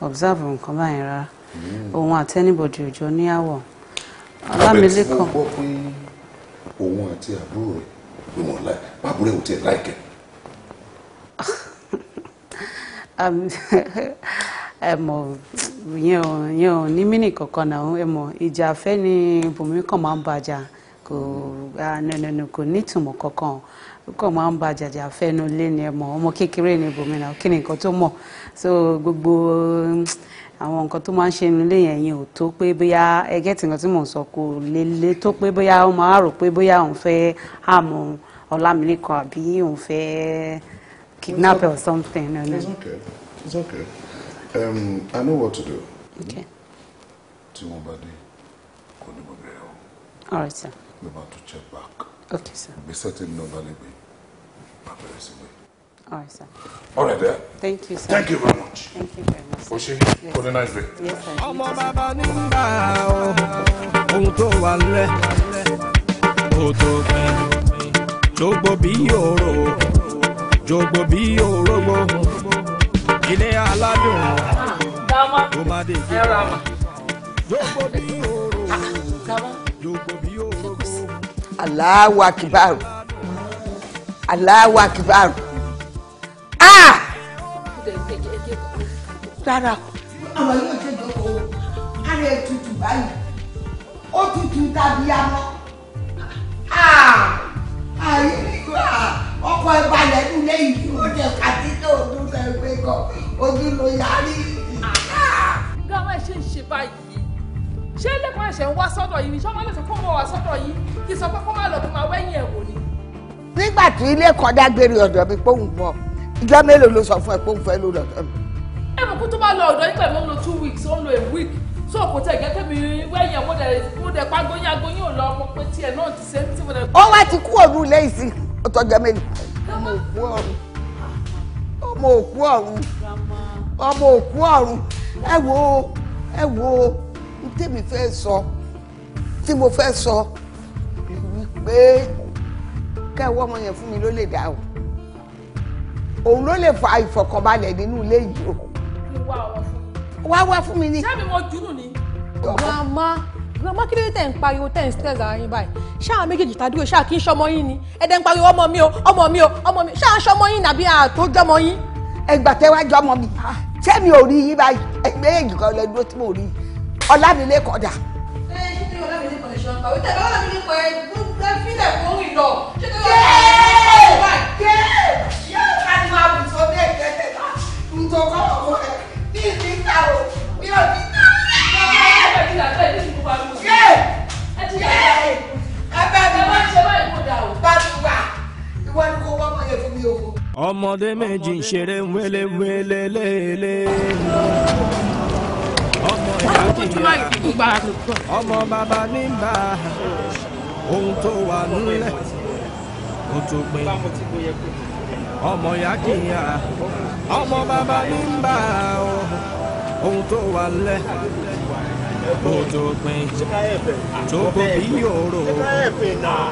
observe nǹkan báyìí rárá. Hmm. Òun àti anybody ò ní awọ̀. Ọlámilékan. Abẹ́tí mo gbọ́ pé òun àti àbúrò rẹ̀ ló wọ̀n láì. Bàbúrò ò tiẹ̀ láìkẹ́. ẹ mọ̀ yẹn ò yẹn ò ní mínì kankan náà ẹ mọ̀ ìjà afẹ́ ni bùnmi kàn máa ń bàjà kò nẹnẹnẹ kò nítumọ̀ kankan kàn máa ń ba jàjà fẹ́nu lé ni ẹ mọ̀ ọmọ kékeré ni bùnmi náà kí ni nǹkan tó mọ̀ so gbogbo àwọn nǹkan tó máa ń ṣe nílé yẹn yẹn ò tó pé bóyá ẹgẹ́ tí nǹkan tí mò ń sọ kò lè lè tó pé bóyá ó máa rò pé bóyá òun fẹ́ àmọ́ ọlámìnìkan àbí òun fẹ́ kidnapper or something. No, no. It's okay. It's okay. Um, I know what to do. Okay. Tí wọ́n bá All right, sir. Ló máa to check back. Okay, sir. Be certain nobody. náà All right, sir. All right, there. Thank you, sir. Thank you very much. Thank you very much. Oṣé, yes. what a nice day. Yes, sir. Ọmọ bàbá ní bí yòrò. jogbo bí orógbó ilé aládùn tó bá dé kí jogbo bí orógbó jogbo kibaru, orógbó. Allahu Akbar Allahu Akbar ah rárá ọmọ yóò ṣe jòkó ara ẹ tutù báyìí ó tutù tàbí amọ ah àyíká ọkọ̀ ìbalẹ̀ nílé yìí ó jẹ kàtí tó ọdún fẹ́ gbé kan ojú ló yarí. Ah, gámà ẹ ṣe ń ṣe báyìí ṣé lẹ́kọ̀ọ́ ẹ̀ṣẹ̀ ń wá sọ́dọ̀ yìí ni ṣé ọmọ lè sọ fún ọmọ wá sọ́dọ̀ yìí kí sọ pé kó má lọ kó máa wẹ́yìn ẹ̀ wò ni. nígbà tí ilé kọjá gbére ọ̀dọ̀ mi póhùn bọ̀ ìjọ mélòó ló sọ fún ẹ póhùn fẹ́ ló lọ́dọ̀ mi. ẹ mọ̀ kó tó bá lọ ọ̀dọ̀ yìí pẹ̀lú ó ń lo two weeks ó ń lo a week so kò tẹ̀ gẹ́gẹ́ mi wẹ́yẹ̀ mo dẹ̀ mo dẹ̀ pa gbóyún agbóyún ò lọ mo pe tiẹ̀ náà ti ṣe tí mo dẹ̀. ó wá ti kú òru lẹ́yìn sí ọtọ́jọ́ mélòó ọmọ òkú ọ̀run ọmọ òkú ọ̀run ọmọ òkú ọ̀run ẹ wo ẹ wo n tèmi fẹ́ sọ tí mo fẹ́ sọ wípé kẹwọ́ ọmọ yẹn fún mi ló lè dá o òun ló lè fa ìfọ̀kànbalẹ̀ nínú ilé yìí o. kí wá ọ̀rọ̀ fún wá wá fún mi ni. ṣé mi mo jùlù ni. grandma grandma kí ló dé tẹ̀ ń pariwo tẹ̀ ń stress ara yín báyìí ṣáà méjèèjì tàdúró ṣáà kí n ṣọmọ yín ni ẹ̀dẹ̀ ń pariwo ọmọ mi o ọmọ mi o ọmọ mi ṣáà ṣọmọ yín nàbí àtó jọmọ yín. ẹgbà tẹ wá jọmọ mi ah, ṣé mi ò rí yín báyìí ẹ̀yin méjèèjì kan lẹ dúró tí mo rí ọlámilé kọdà. ṣé ṣé ọlámilé kọdà ṣe ọ̀pá wípé ọlámilé kọdà fílẹ̀ fún ìlọ ṣé tó yẹ kó ọmọdé méjì ń ṣeré wéléwélé léèlé ọmọ ìyá kìíyà ọmọ bàbá nígbà ohun tó wà nílẹ̀ kó tó gbé ọmọ ìyá kìíyà ọmọ bàbá nígbà ohun ohun tó wà lẹ́ òjòpin jogo bí òró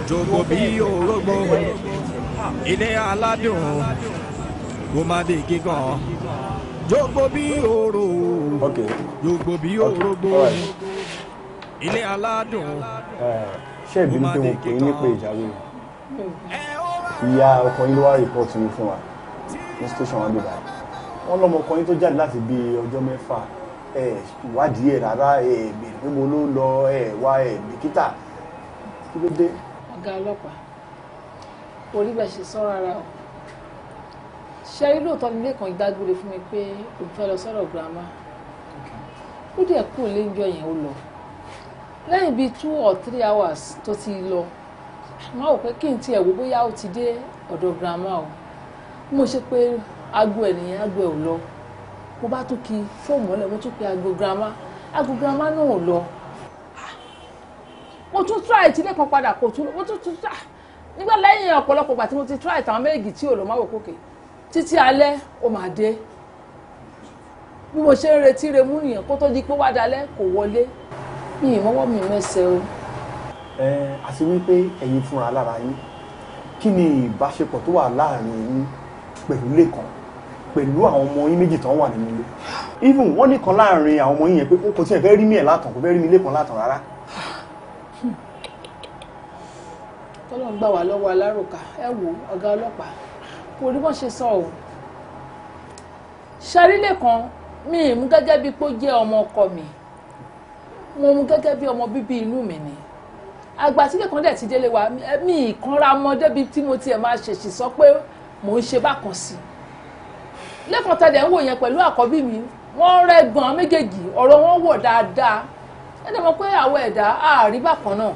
jogo bí òrógbó ilé aládùn kò kíkan jogo bí òró jogo bí òrógbó ilé aládùn eh, ṣé ìbí ìyá ọkọ yín ló wá rìpọ́ọ̀tì mi fún wa ní station wọn bí báyìí wọ́n lọ́mọkùnrin tó jáde láti bí ọjọ́ mẹ́fà ẹ̀ ìwádìí ẹ̀ rárá ẹ̀ bèrè pé mo ló lọ ẹ̀ wá ẹ̀ bìkítà kí ló dé. ọ̀gá ọlọ́pàá orí ṣe sọ rárá o ṣe rí lóòótọ́ nílé kan ìdágbére fún mi pé òun fẹ́ lọ sọ́dọ̀ girama ó dẹ̀ kú léńjọ yẹn ó lọ lẹ́yìn bíi two or three hours tó ti lọ máa wò pé kí n tiẹ̀ wò bóyá ó ti dé ọ̀dọ̀ girama o mo ṣe pé aago ẹ̀ nìyẹn aago ẹ̀ ò lọ mo bá tún kí fóònù mọ́lẹ̀ mo tún pe aago girama aago girama náà ò lọ mo tún try ìtílé kan padà kò tún mo tún tún try nígbà lẹ́yìn ọ̀pọ̀lọpọ̀ gbà tí mo ti try ìtàn méjì tí ò lọ má wò kókè títí alẹ́ ó máa dé bí mo ṣe ń retí remú nìyẹn kó tó di pé wá dalẹ́ kò wọlé mi ì mọ́wọ́ mi mẹ́sẹ̀ o. ẹ àti wípé ẹ̀yin fúnra lára yín kí ni ìbáṣepọ̀ tó wà láàrin yín pẹ̀lú Lékan pẹ̀lú àwọn ọmọ yín méjì tán wà nínú ilé even wọ́n ní kan láàrin àwọn ọmọ yín yẹn pé kò tiẹ̀ fẹ́ rí mi ẹ̀ látàn kò fẹ́ rí mi ilé kan látàn rárá. tọ́lọ́n gbà wá lọ́wọ́ aláròkà ẹ wo ọ̀gá ọlọ́pàá kò rí wọ́n ṣe sọ ọ́ ṣarílẹ̀ kan mi ì mú gẹ́gẹ́ bí pé ó jẹ́ ọmọ ọkọ mi mo mú gẹ́gẹ́ bí ọmọ bíbí inú mi ni àgbà kan dẹ̀ ti délé wa mi ì kanra mọ́ tí mo tiẹ̀ máa ṣèṣì sọ pé mò ń ṣe bákan sí i lẹ́kàn tẹ̀lé ń wò yẹn pẹ̀lú àkọ́bí mi wọ́n rẹ́ gan méjèèjì ọ̀rọ̀ wọn wọ̀ dáadáa ẹni mọ̀ pé àwọn ẹ̀dá àárí bákan náà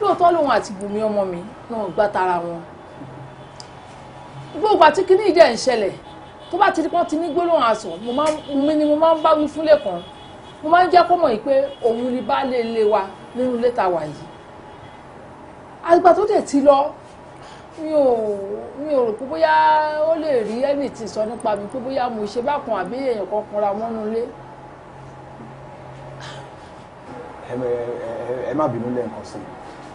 lóòótọ́ lòun àti bùnmi ọmọ mi náà gbá tara wọn. gbogbo àti kíní ìjẹ́ ń ṣẹlẹ̀ tó bá ti di pọ́n ti ní gbólóhùn àṣọ mi ni mo máa ń bá wí fún lẹ́kàn mo máa ń jẹ́ kó mọ̀ yìí pé òun ni bá lè lé wa nínú ilé wà yìí. àgbà tó dẹ̀ ti lọ mi ò mi ò rò pé bóyá ó lè rí anything sọ nípa mi pé bóyá mo ṣe bákan àbí èèyàn kan kanra mọ́nú ilé. ẹ má bínú lẹ́ẹ̀kan sí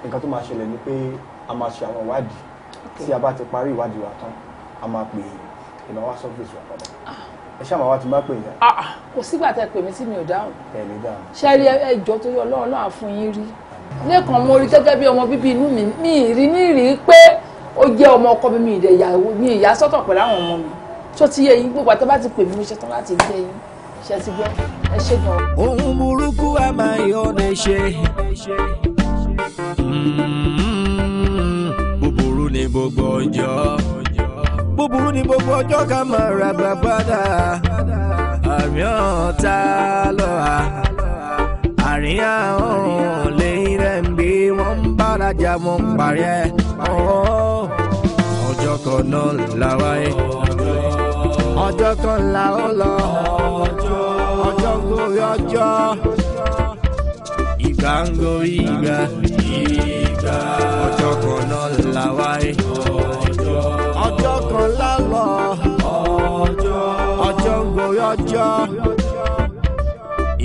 i nǹkan tó máa ṣẹlẹ̀ ni pé a máa ṣe àwọn ìwádìí tí a bá ti parí ìwádìí wa tán a máa pè é ìmọ̀ wá sọ́fíìsì wa padà ẹ ṣáà máa wá tí n bá pè yín. Ah, ah, kò sígbà tẹ pè mí tí mi ò dáhùn. ẹ̀mí dáhùn. ṣé rí ẹjọ́ tó yọ ọlọ́run náà fún yín rí. lẹ́kàn mo rí gẹ́gẹ́ bí ọmọ bíbí inú mi mi rí ní rí pé ó jẹ́ ọmọ ọkọ mi mi ìdẹ̀ ìyàwó mi ìyá sọ́tọ̀ pẹ̀lú àwọn ọmọ mi tó ti yẹ yín gbogbo àtẹ́bá ti pè mí mo ṣetán láti gbé yín ṣe ti gbọ́ ẹ ṣe gan. ohun burúkú a máa yọ ní ṣe hmm, búburú ni gbogbo ọjọ́ búburú ni gbogbo ọjọ́ ká máa ra gbàgbádà àmì ọ̀tá lọ́ha àríyá ọ̀run lè rẹ̀ ń bí wọ́n ń bára jà wọ́n ń parí ẹ̀ ọjọ́ kan náà làwa ẹ̀ ọjọ́ kan là ó lọ ọjọ́ gorí ọjọ́ ìgbà ń gorí ìgbà ọjọ́ kan náà làwa ẹ̀ ọjọ́ kan là lọ ọjọ́ gorí ọjọ́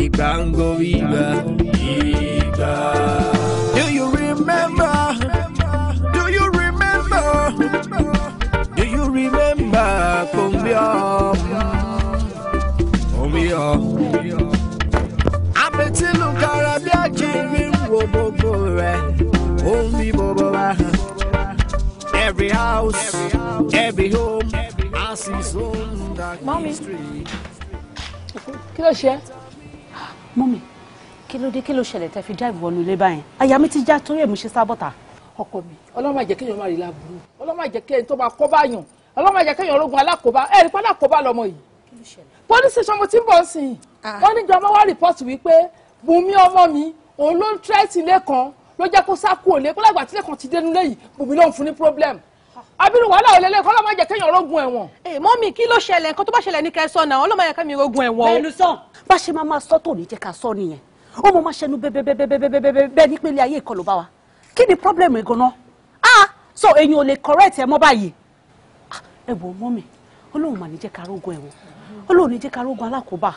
ìgbà ń gorí ìgbà. mọ́mi kí ló ṣe mọ́mi kí ló dé kí ló ṣẹlẹ̀ tẹ́ fi já ìwọ̀nù ilé báyìí àyà mi ti já torí ẹ̀ mo ṣe sábọ̀tà. ọkọ mi ọlọ́mọ àjẹ́ kéèyàn má rí láburú ọlọ́mọ àjẹ́ kéèyàn tó máa kó báyàn ọlọ́mọ àjẹ́ kéèyàn ológun alákòóbá ẹ̀rí pa alákòóbá lọmọ yìí pọ́lísì sọmọ tí ń bọ̀ sí i ah. wọ́n ní jọmọ́ wá rìpọ́ọ̀tì wípé bùnmi ọmọ mi òun ló ń tírẹ́sì lẹ́kan ló jẹ́ kó sá kúrò lé kó lágbàtí lẹ́kan ti dénú lẹ́yìn bùnmi ló fún ní pírọ́blẹ́mù abiru wàhálà òlélẹ̀ kọ́ lọ́mọ jẹ́ kéèyàn rógun ẹ̀wọ̀n. ẹ eh, mọ́mì kí ló ṣẹlẹ̀ nǹkan tó bá ṣẹlẹ̀ ní kẹ́ ẹ sọ náà ọlọ́mọ yẹ kẹ́mi rógun ẹ̀wọ̀n. bẹ́ẹ̀ ló sọ bá ṣe máa máa sọ tó ní jẹ́ ká sọ nìyẹn ó mọ máa ṣẹnu bẹ́ẹ̀ ní pélé ayé ìkọlù bá wa kí ni problem ẹ̀ gan ah so èyàn ò lè correct ẹ mọ́ báyìí ah, ẹ wò mọ́mì ọlọ́run mà ní jẹ́ ká rógun ẹ̀wọ̀n ọlọ́run ní jẹ́ ká rógun alákòóbá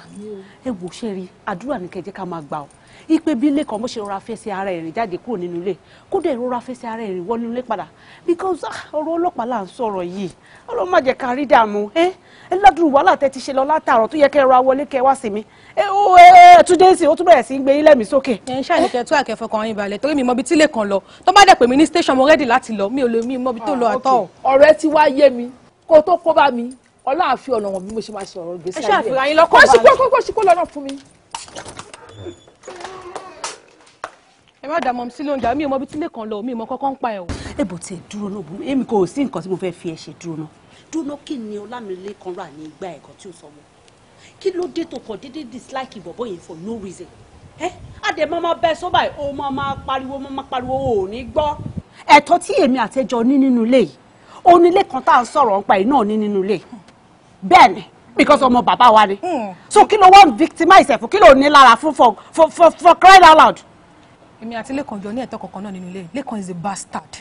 ẹ wò ṣe rí àdúrà ní kẹ́ jẹ́ ká máa gbà ọ́ ipe bí ilé kan bó ṣe rọra fèsì ara ẹ̀rìn jáde kúrò nínú ilé kódà ìrora fèsì ara ẹ̀rìn wọnú ilé padà because ah, ọ̀rọ̀ ọlọ́pàá là ń sọ̀rọ̀ yìí ọlọ́run má jẹ́ ká rí dààmú eh? ẹ ẹ ládùn wàhálà tẹ ti ṣe lọ látàárọ̀ tó yẹ kẹ́ ra wọlé kẹ́ wá sí mi ẹ eh, ó ẹ eh, túndé sí ó tún bẹ̀rẹ̀ sí í gbé yín lẹ́mìí sókè. ẹ ń ṣàníkẹ́ tó àkẹ́fọ́ kan yín balẹ̀ torí mi mọ ibi tílé kan lọ tó bá dẹ̀ pè mí ní station mo rẹ́dì láti lọ mi ò lè mí mọ ibi tó lọ àtọ̀. Ah, ọ̀rẹ́ ti wá yé mi kó tó kó bá mi ọlọ́àfin ọ̀nà wọn bí mo ṣe máa ṣe ọ̀rọ̀ gbèsè ayé ẹ̀. ẹ ṣàfihàn yín lọ́kọ̀ọ́ bá mi. kó ṣe kó lọ́nà ẹ má dààmú sí lóúnjẹ mi ò mọ ibi tí lẹ́kàn lọ mi ò mọ kọ́kọ́ ń pa ẹ̀ o. ẹ bò tẹ dúró náà bùrú èmi kò sí nǹkan tí mo fẹ́ fi ẹ ṣe dúró náà dúró náà kí ni ọlámilẹ́kan rà ní ìgbà ẹ̀kọ́ tí ò sọ wọn kí ló dé tó kàn déédéé dislike ìbọ̀bọ̀ yẹn for no reason ẹ àdè máa máa bẹ sọ́bà ẹ̀ ó máa máa pariwo máa máa pariwo ò ní gbọ́. ẹ̀tọ́ tí èmi àtẹjọ ní nínú ilé yìí onílé kan tá à ń sọ̀rọ̀ ẹ̀ náà ní nínú ilé bẹ́ẹ̀ ni because ọmọ bàbá wa ni hmm. so kí ló wọ́n victimize ẹ̀ fún kí ló ní lára fún for for for for crying out loud. èmi àti lẹ́kàn jọ ní ẹ̀tọ́ kankan náà nínú ilé lẹ́kàn is a bastard.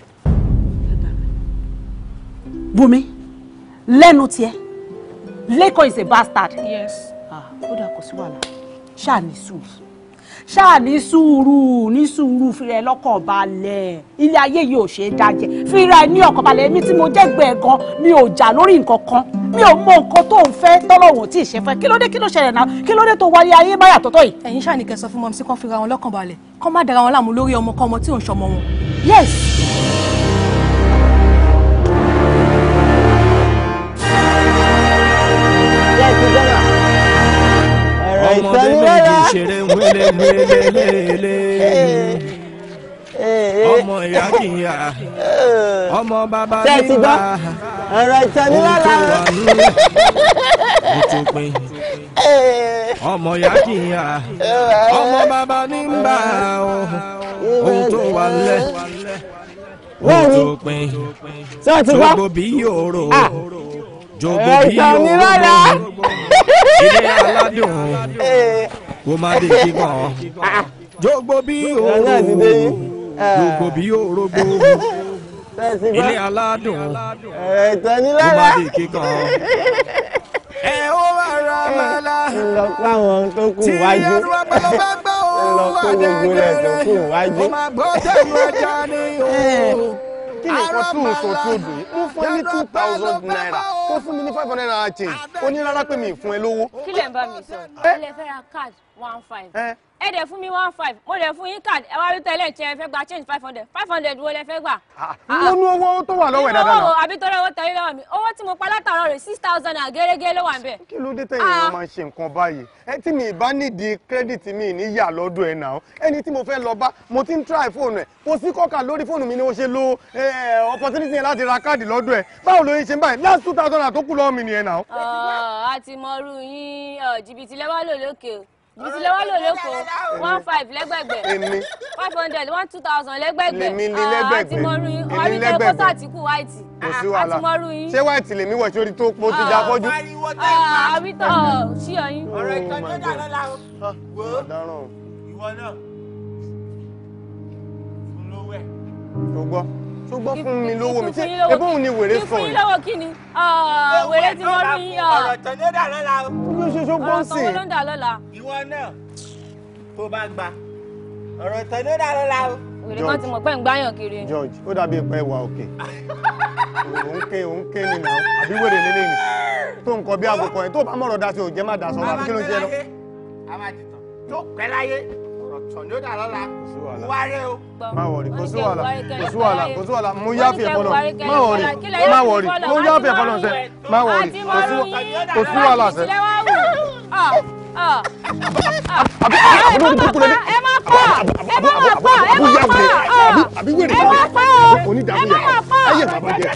Bumi, lẹ́nu tiẹ̀ lẹ́kàn is a bastard. yes. Ah, ó dà kó sí wàhálà ṣáà ní sùúrù ṣáà ní sùúrù ní sùúrù fìrẹ lọ́kàn balẹ̀ ilé ayé yìí ò ṣeé dájẹ́ fìrẹ ní ọkàn balẹ̀ èmi tí mo jẹgbẹ gan mi ò jà lórí nǹkan kan mi ò mọ nǹkan tó ń fẹ́ tọlọ́run tí ì ṣe fẹ́ kí ló dé kí ló ṣẹlẹ̀ náà kí ló dé tó wáyé ayé báyà tọtọ yìí. ẹ̀yin ṣáà ní kẹsàn-án fún mọ́mísí kan fira wọn lọ́kàn balẹ̀ kọ́ má dara wọn láàmú lórí ọmọ kọ́mọ tí ò ń ṣọmọ wọn. yes mi rárá. ṣeré wẹ́lẹ́ wẹ́lẹ́ ọmọ ìyá kì í yá ọmọ bàbá mi bá ọ̀rọ̀ ìtọ́ni lára ọmọ ìyá kì í yá ọmọ bàbá mi bá ohun tó wà lẹ́ ohun tó pin tó gbòbí yòrò. Eh. Ah, ah. jogo bí owó ah. ilé aládùn kó eh, má dé kíkan jogo bí owó jogo bí orógbó ilé aládùn kó má dé kíkan ẹ ó rárá eh, mẹ́lá tí yorùbá pẹlẹpẹ gbọ́ òun wà ní agbẹ́rẹ́ ó máa gbọ́ tẹ̀wọ́ ajá ni o. kí ni nǹkan tó ń sọ tó dùn? fún ẹ ní two thousand naira kó fún mi ní five hundred naira change ó ní rárá pé mi ì fún ẹ lówó. kí lè bá mi sọ ẹ eh? lè fẹ́ ra card one five eh? ẹ dẹ̀ fún mi one five mo dẹ̀ fún yín card ẹ wá rí tẹ́lẹ̀ tiẹ̀ fẹ́ gba change five hundred five hundred wo lẹ fẹ́ gbà. Ah, nínú owó tó wà lọ́wọ́ ẹ̀ dáadáa náà. àbí tọ́lá owó tẹ̀lé lọ́wọ́ mi owó tí mo pa látàárọ̀ rẹ̀ six thousand naira gẹ́gẹ́ ló wà ń bẹ̀. kí ló dé tẹ̀yìn wọn ah. máa ń ṣe nǹkan báyìí ẹ tí mi ìbá nídìí credit mi ní yà lọ́dọ̀ ẹ̀ náà ẹni tí mo fẹ́ lọ bá mo ti ń try fóònù ẹ̀ kò sí kọ́kà lórí fóònù mi ni mo ṣe lo eh, opportunity láti ra káàdì lọ́d lọ́dọ̀ ẹ̀ báwo ló yín ṣe báyìí last two thousand naira tó kù lọ́wọ́ mi nìyẹn náà. a ti mọ irú yín jìbìtì lẹ́wọ́ lò lókè o jìbìtì lẹ́wọ́ lò lóko one five lẹ́gbẹ̀gbẹ̀ five hundred one two thousand lẹ́gbẹ̀gbẹ̀ a ti mọ irú yín ọdún tó kó sàtìkù white a ti mọ irú yín. ṣé white lèmi wọ̀ sórí tó mo ti já fọ́jú. àwítọ̀ sí ọyìn. ọ̀rọ̀ ìtọ́jú oh dà lọ́la o ah, wo ìwọ náà fún lówẹ̀. o gbọ́ tó gbọ́ fún mi lówó mi tí ebóun ni wèrè sọ yìí. kí fún yín lọ́wọ́ kí ni ah, wèrè tí wọ́n rí. Ah. ọ̀rọ̀ tán ló dà lọ́la. bí ṣe ṣó gbọ́n sí. ọ̀rọ̀ tán dà lọ́la. ìwọ náà tó bá gba ọ̀rọ̀ tán dà lọ́la wèrè kan ti mọ̀ pé ń gbáyàn kiri. George ó dàbí ìpẹ́ wà òkè òun ké òun ké ni nà àbí wèrè nílé ni tó nǹkan bí àgùkọ yẹn tó bá mọ̀rọ̀ dá sí òjẹ́ má dá sọ́wọ́ àbí kí ló ń ṣe lọ. a máa ti tó pẹ́ láyé doctor ní ó dà lọ́la mo wá rẹ o. má wọrí kò sí wàhálà kò sí wàhálà kò sí wàhálà mo yá fi ẹ̀fọ́ lọ má wọrí má wọrí mo yá fi ẹ̀fọ́ lọ sẹ́ má wọrí kò sí wàhálà sẹ́. Ah, ah. àbí wọ́n kúkú lẹ́nu ẹ má pa ẹ má pa ẹ má pa àbí wẹ́rẹ́ ah, ẹ má pa o onídàámúyà ayé bàbá jẹ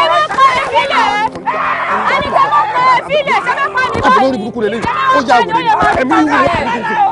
ẹ má pa ẹ fílẹ̀ ẹni tẹ́ mọ́ pa ẹ fílẹ̀ ṣẹ́ fẹ́ pa ní báyìí àbí wọ́n kúkú lẹ́nu ó yà wẹ̀rẹ̀ ẹ̀mí wúwo kúkú.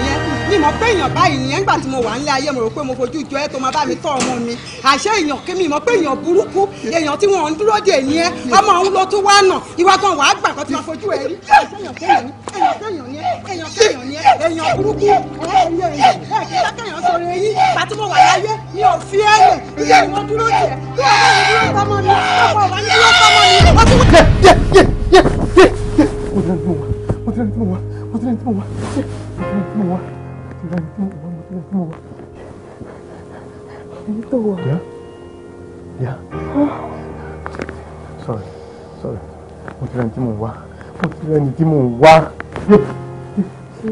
ìmọ̀ pé èèyàn báyìí nìyẹn nígbà tí mo wà nílé ayé mo rò pé mo fojú jọ ẹ́ tó máa bá mi tọ́ ọmọ mi àṣé èèyàn kí mi ìmọ̀ pé èèyàn burúkú èèyàn tí wọ́n ń dúró dè ní ẹ́ ọmọ òun ló tún wá nà ìwà gan wàá gbà kan tí wọ́n fojú ẹ̀ rí èèyàn kéèyàn ní èèyàn kéèyàn ní èèyàn burúkú Yeah, yeah, yeah, yeah. Mo ti rẹ̀ ní tí mo wá, mo ti rẹ̀ ní tí mo wá, mo ti rẹ̀ ní tí mo wá. Yeah? Yeah? Sorry, sorry. Mo ti rẹni tí mò ń wá. Mo ti rẹni tí mò ń wá. Ṣé um,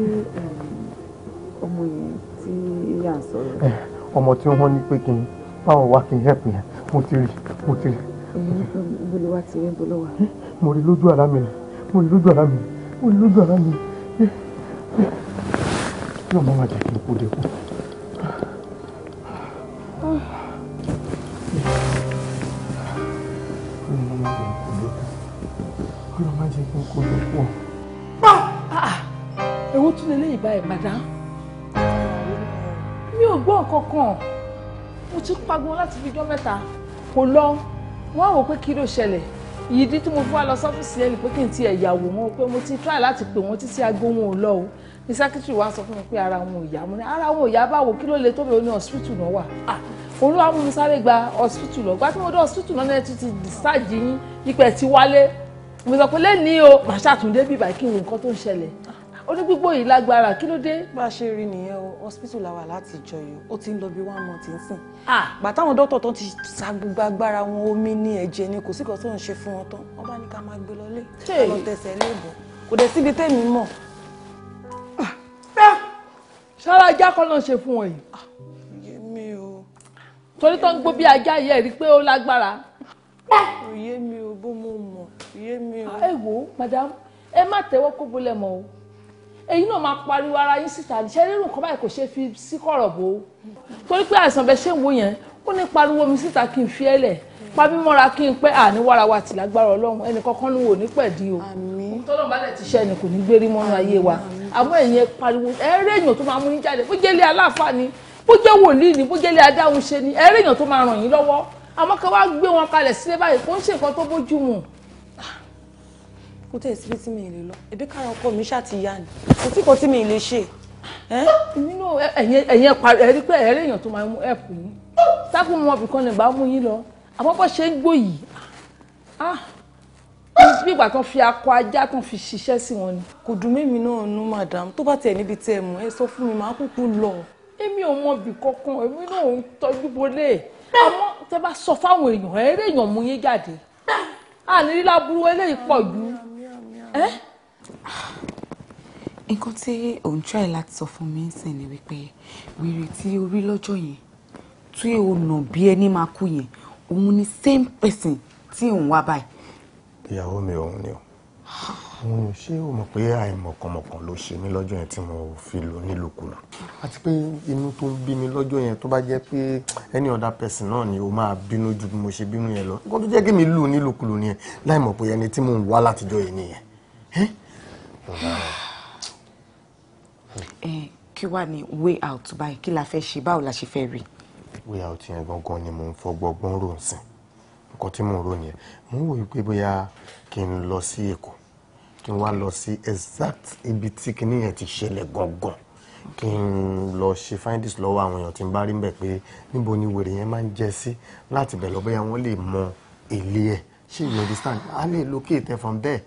ọmọ yẹn tí yà ń sọ̀rọ̀? Eh, ọmọ tí wọ́n ní pé kí n báwọn wá kí n help yẹn. Mo ti rí, mo ti rí. Ìbolo wa ti rí ìbolo wa. Eh, mo rí lójú àlá mi ni. Mo rí lójú àlá mi ni. Mo rí lójú àlá mi ni. Eh, náà má má jẹ́ kí n kú dẹ́kun. ọlọ́ má jẹ́ kí n kú dẹ́kun. èwo tún lè léyìí báyìí madam mi ò gbọ́ nǹkan kan mo ti pagbo láti fi jọ́ mẹ́ta kò lọ wọ́n á wò pé kí ló ṣẹlẹ̀ ìdí tí mo fún wa lọ sọ́fíìsì ẹ̀lì pé kí n ti ẹ̀yàwó wọn pé mo ti try láti pè wọ́n títí aago wọn ò lọ o ní sẹ́kítírì wa sọ fún mi pé ara wọn ò yá mo ní ara wọn ò yá báwo kí ló le tó bẹ̀rẹ̀ ní hospital náà wà ah, òun ló wá mú mi sáré gba hospital lọ gba tí mo dé hospital náà lẹ́yìn tó ti discharge yín nípa ẹ̀ ti wálé mo sọ pé lẹ́ni o màá ṣàtúndé bíbá kí n wo nǹkan tó ń ṣẹlẹ̀ onígbígbó ah, yìí lágbára kí ló dé. bá a ṣe rí nìyẹn o hospital la wà láti jọyọ ó ti ń lọ bí one month nsìn. Ah. gbà táwọn dókítà tán ti sa gbogbo agbára wọn omi ní ẹ̀jẹ̀ ni kò sí kan tó ń ṣe fún wọn tán wọn bá ní ká máa gbé lọ ká lọ tẹsẹ̀ léèbọ̀ kò dẹ̀ síbi tẹ́mi mọ̀ sára ajá kan náà ṣe fún wọn yìí. Ah, yémi o. torí tó ń gbó bí ajá yìí ẹ̀ rí i pé ó lágbára. Ah, yémi o bó mo mọ̀ yémi o. Ah, ẹ wo madam ẹ má tẹ́wọ́ kó bolẹ̀ mọ́ o èyí náà máa pariwo ara yín síta ṣe rírun kan báyìí kò ṣe fi sí kọ̀rọ̀ bò ó torí pé àìsàn bẹ ṣé ń wo yẹn ó ní pariwo mi síta kí n fi ẹ́ lẹ̀ pa mí mọ́ra kí n pẹ́ àní wàrà tì lágbára ọlọ́run ẹnì kankan ló wò ní pẹ̀dí o tọ́lọ̀ balẹ̀ ti ṣẹ́ni kò ní gbérí mọ́nú ayé wa àmọ́ ẹ̀yin pariwo ẹ̀rẹ́ èèyàn tó máa mú yín jáde bó jẹ́lé aláàfáà ni bó jẹ́ wòlíì ni bó jẹ́lé adáhùn ṣe ni ẹ̀rẹ́ èèyàn tó máa ràn yín lọ́wọ́ àmọ́ ká wá gbé wọn kalẹ̀ sílé báyìí kò ń ṣe nǹkan tó bójú mu. kò tẹ̀ sí sáfù mu ọbìkan lè bá mú yín lọ àmọ́ bó ṣe ń gbò yìí ah, bí ìgbà kan fi akọ ajá kan fi ṣiṣẹ́ sí wọn ni. kò dùn mí mi náà nú madam tó bá tiẹ̀ níbi tẹ́ ẹ mú ẹ sọ fún mi màá kúkú lọ. èmi ò mọ ibì kankan èmi náà ò ń tọ́jú bolé àmọ́ tẹ bá sọ fáwọn èèyàn eré èèyàn mú yín jáde àní lílá burú eléyìí pọ̀ jù. nǹkan tí òun try láti sọ fún mi ń sìn ni wípé wèrè tí o rí lọ́jọ́ yẹn tí ò nà bí ẹni máa kú yẹn òun ni same person tí òun wá báyìí. ìyàwó mi òun ni o òun ṣé o mọ̀ pé àìmọ̀kànmọ̀kàn ló ṣe mí lọ́jọ́ yẹn tí mo fi lò nílùkulù àti pé inú tó ń bí mi lọ́jọ́ yẹn tó bá jẹ́ pé any other person náà ni o máa bínú ju bí mo ṣe bínú yẹn lọ nǹkan tó jẹ́ kí mi lù nílùkulù nìyẹn láì mọ̀ pé ẹni tí mò ń wá látijọ́ yìí nìyẹn. kí wàá ní way out báyìí kí la fẹ́ ṣe báwo la ṣe fẹ́ rí i way out yẹn gangan ni mò ń fọgbọ́gbọ́n rò sìn nǹkan tí mò ń rò nìyẹn mò ń wò wípé bóyá kí n lọ sí èkó kí n wá lọ sí exact ibi tí kinní yẹn ti ṣẹlẹ̀ gangan kí n lọ ṣe findings lọ́wọ́ àwọn èèyàn tí n bá rí mbẹ̀ pé níbo ni wèrè yẹn máa ń jẹ sí láti bẹ̀ lọ bóyá wọ́n lè mọ èlé ẹ̀ ṣé you understand a lè locate ẹ from there.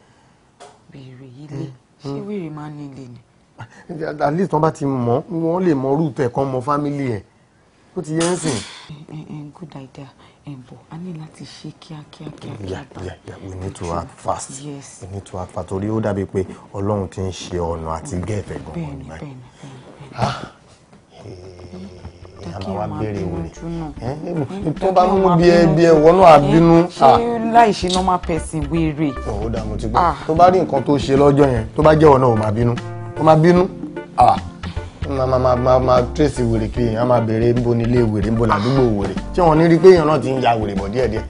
bèrè ilé ṣé wèrè máa ń nílé ni. at least wọ́n bá ti mọ̀ wọ́n lè mọ rúùtù ẹ̀ kan mọ fámìlì ẹ̀ ó ti yẹ ń sìn. Eh, eh, eh, good idea ẹ̀bọ̀ a ní láti ṣe kíákíá kíákíá. yeah yeah we need to act fast yes. we need to act fast torí ó dàbí pé ọlọ́run ti ń ṣe ọ̀nà àti gẹ̀ẹ́fẹ̀ gan-an ní báyìí. àwọn abẹ́rẹ́ wò ni tó bá mú bí ẹ bí ẹ wọnú àbínú. ṣé ah! láì ṣe normal person wéèrè. ọ̀hún oh, dààmú ti gbọ́ ah! tó bá rí nǹkan tó ṣe lọ́jọ́ yẹn tó bá jẹ́ ọ̀nà ò máa bínú ó máa bínú. Ah! máa ma ma ma ma wèrè kiri èèyàn máa ma níbo ni wèrè níbo làdúgbò wèrè tí wọn ní rí pé èèyàn náà ti ń ya wèrè bọ̀ díẹ̀díẹ̀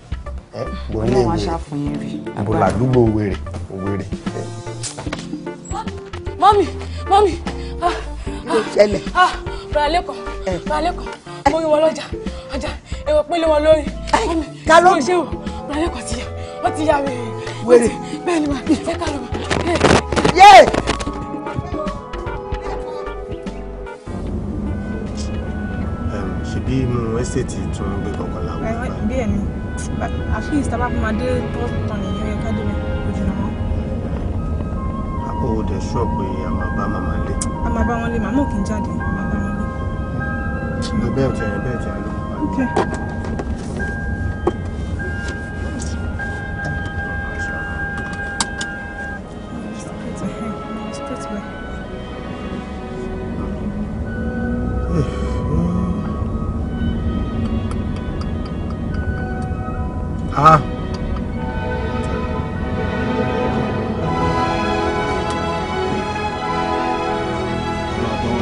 ẹ bò ní wèrè níbo làdúgbò wèrè wèrè. mọ́mì mọ́mì ah, ah, ah, mo wọn ọjà wọn àbí inú ẹ́sẹ̀tì tún ń gbé kankan láwọn. bí ẹni at least tá a bá fún adé bọ́ọ̀tàn nìyẹn yẹ ká dé mi ojú náà wọn. àpò òde a máa bá màmá lé. a máa bá wọn lé mama ò kí ń jáde a máa bá wọn lé. bẹ́ẹ̀ tẹ̀ bẹ́ẹ̀ tẹ̀ ló ń pa.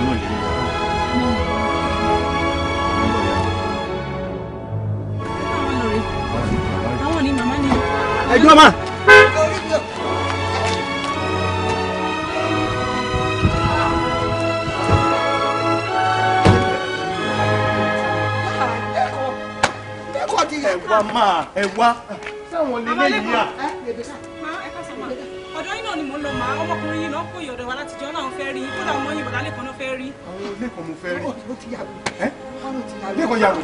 náà lè máa. ẹ wá sáwọn lélẹ́yìn yá. ọ̀dọ́ yìí náà ni mò lọ màá ọmọ ń kó ìyọ̀dọ̀ wa láti jẹun náà ń fẹ́ rí kódà ọmọ yìnbọn lálẹ́ kan náà fẹ́ rí. àwọn ilé kan mo fẹ́ rí. ó ti yàgò ẹ́ ilé kan yàgò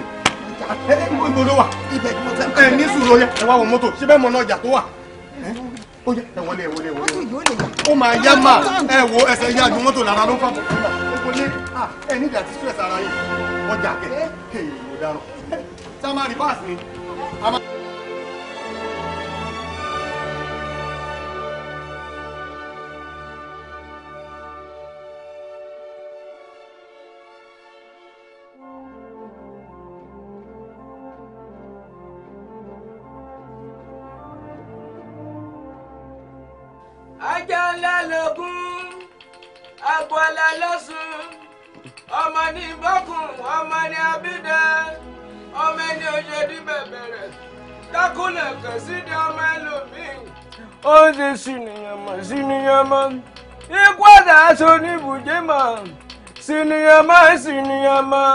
ẹ ẹ ibo ló wà. ibẹ̀ ni mo fẹ́ kọ́. ẹ ní sùúrù ọyá ẹ wá wọ mọ́tò ṣé bẹ́ẹ̀ mọ náà ọjà tó wà. ó yẹ ẹ wọlé ẹ wọlé ẹ wọlé. mọ́tò yóò lè yà. ó máa yá máa ẹ wo ẹsẹ̀ yá ju mọ́tò lára ló fà bọ̀. ẹ ní ìdàtí stress ara yìí ọjà kẹ ẹ ò dáràn. sáà máa rí báàsì ni. ọmọ ní ìbọ́kùn ọmọ ní abídẹ ọmọ ẹni oye ní bẹ̀bẹ̀rẹ̀ dákúnlẹ̀ kẹ̀sídẹ̀ ọmọ ẹlòmíì. ó ti sìnìyànmọ̀ sìnìyànmọ̀ ikú ọ̀dà aṣọ oníbùjẹ́ mọ̀ sìnìyànmọ̀ sìnìyànmọ̀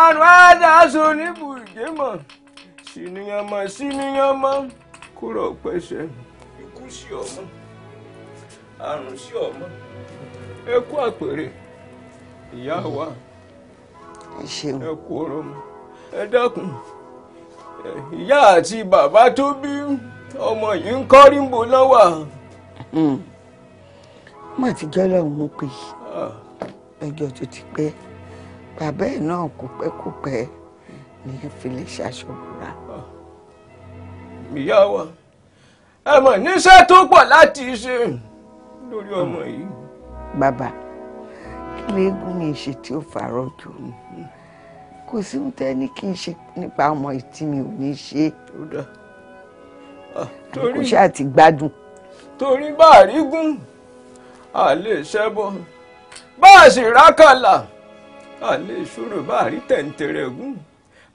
àrùn ọ̀dà aṣọ oníbùjẹ́ mọ̀ sìnìyànmọ̀ sìnìyànmọ̀ kúrò pẹ̀sẹ̀ ikú sí ọmọ àrùn sí ọmọ ẹkú àpèrè ìyá wa ẹ kú ọ̀rọ̀ mọ́ ẹ dákun ìyá àti bàbá tó bí ọmọ yìí ń kọ́ rímbo lọ́wọ́. Hmm. má ti jẹ́ lọ́run mo pè é ẹjọ́ ah. tó ti pẹ́ bàbá ẹ̀ náà kò pẹ́ kò pẹ́ ní ìfilẹ̀ ṣàṣọ̀bùrà. Ah. ìyá wa ẹ mọ̀ níṣẹ́ tó pọ̀ láti ṣe lórí ọmọ hmm. yìí. bàbá léegun ni èsì tí ó fàárọ̀ jù kò sí ohun tẹ́ ní kí n ṣe nípa ọmọ ìtí mi ò ní ṣe ah, kò ṣáà ti gbádùn. torí bá a rí gún a lè ṣẹ́bọ̀ bá a sì rákàlà a lè ṣòro bá a rí tẹ̀ǹtẹ̀rẹ̀ gún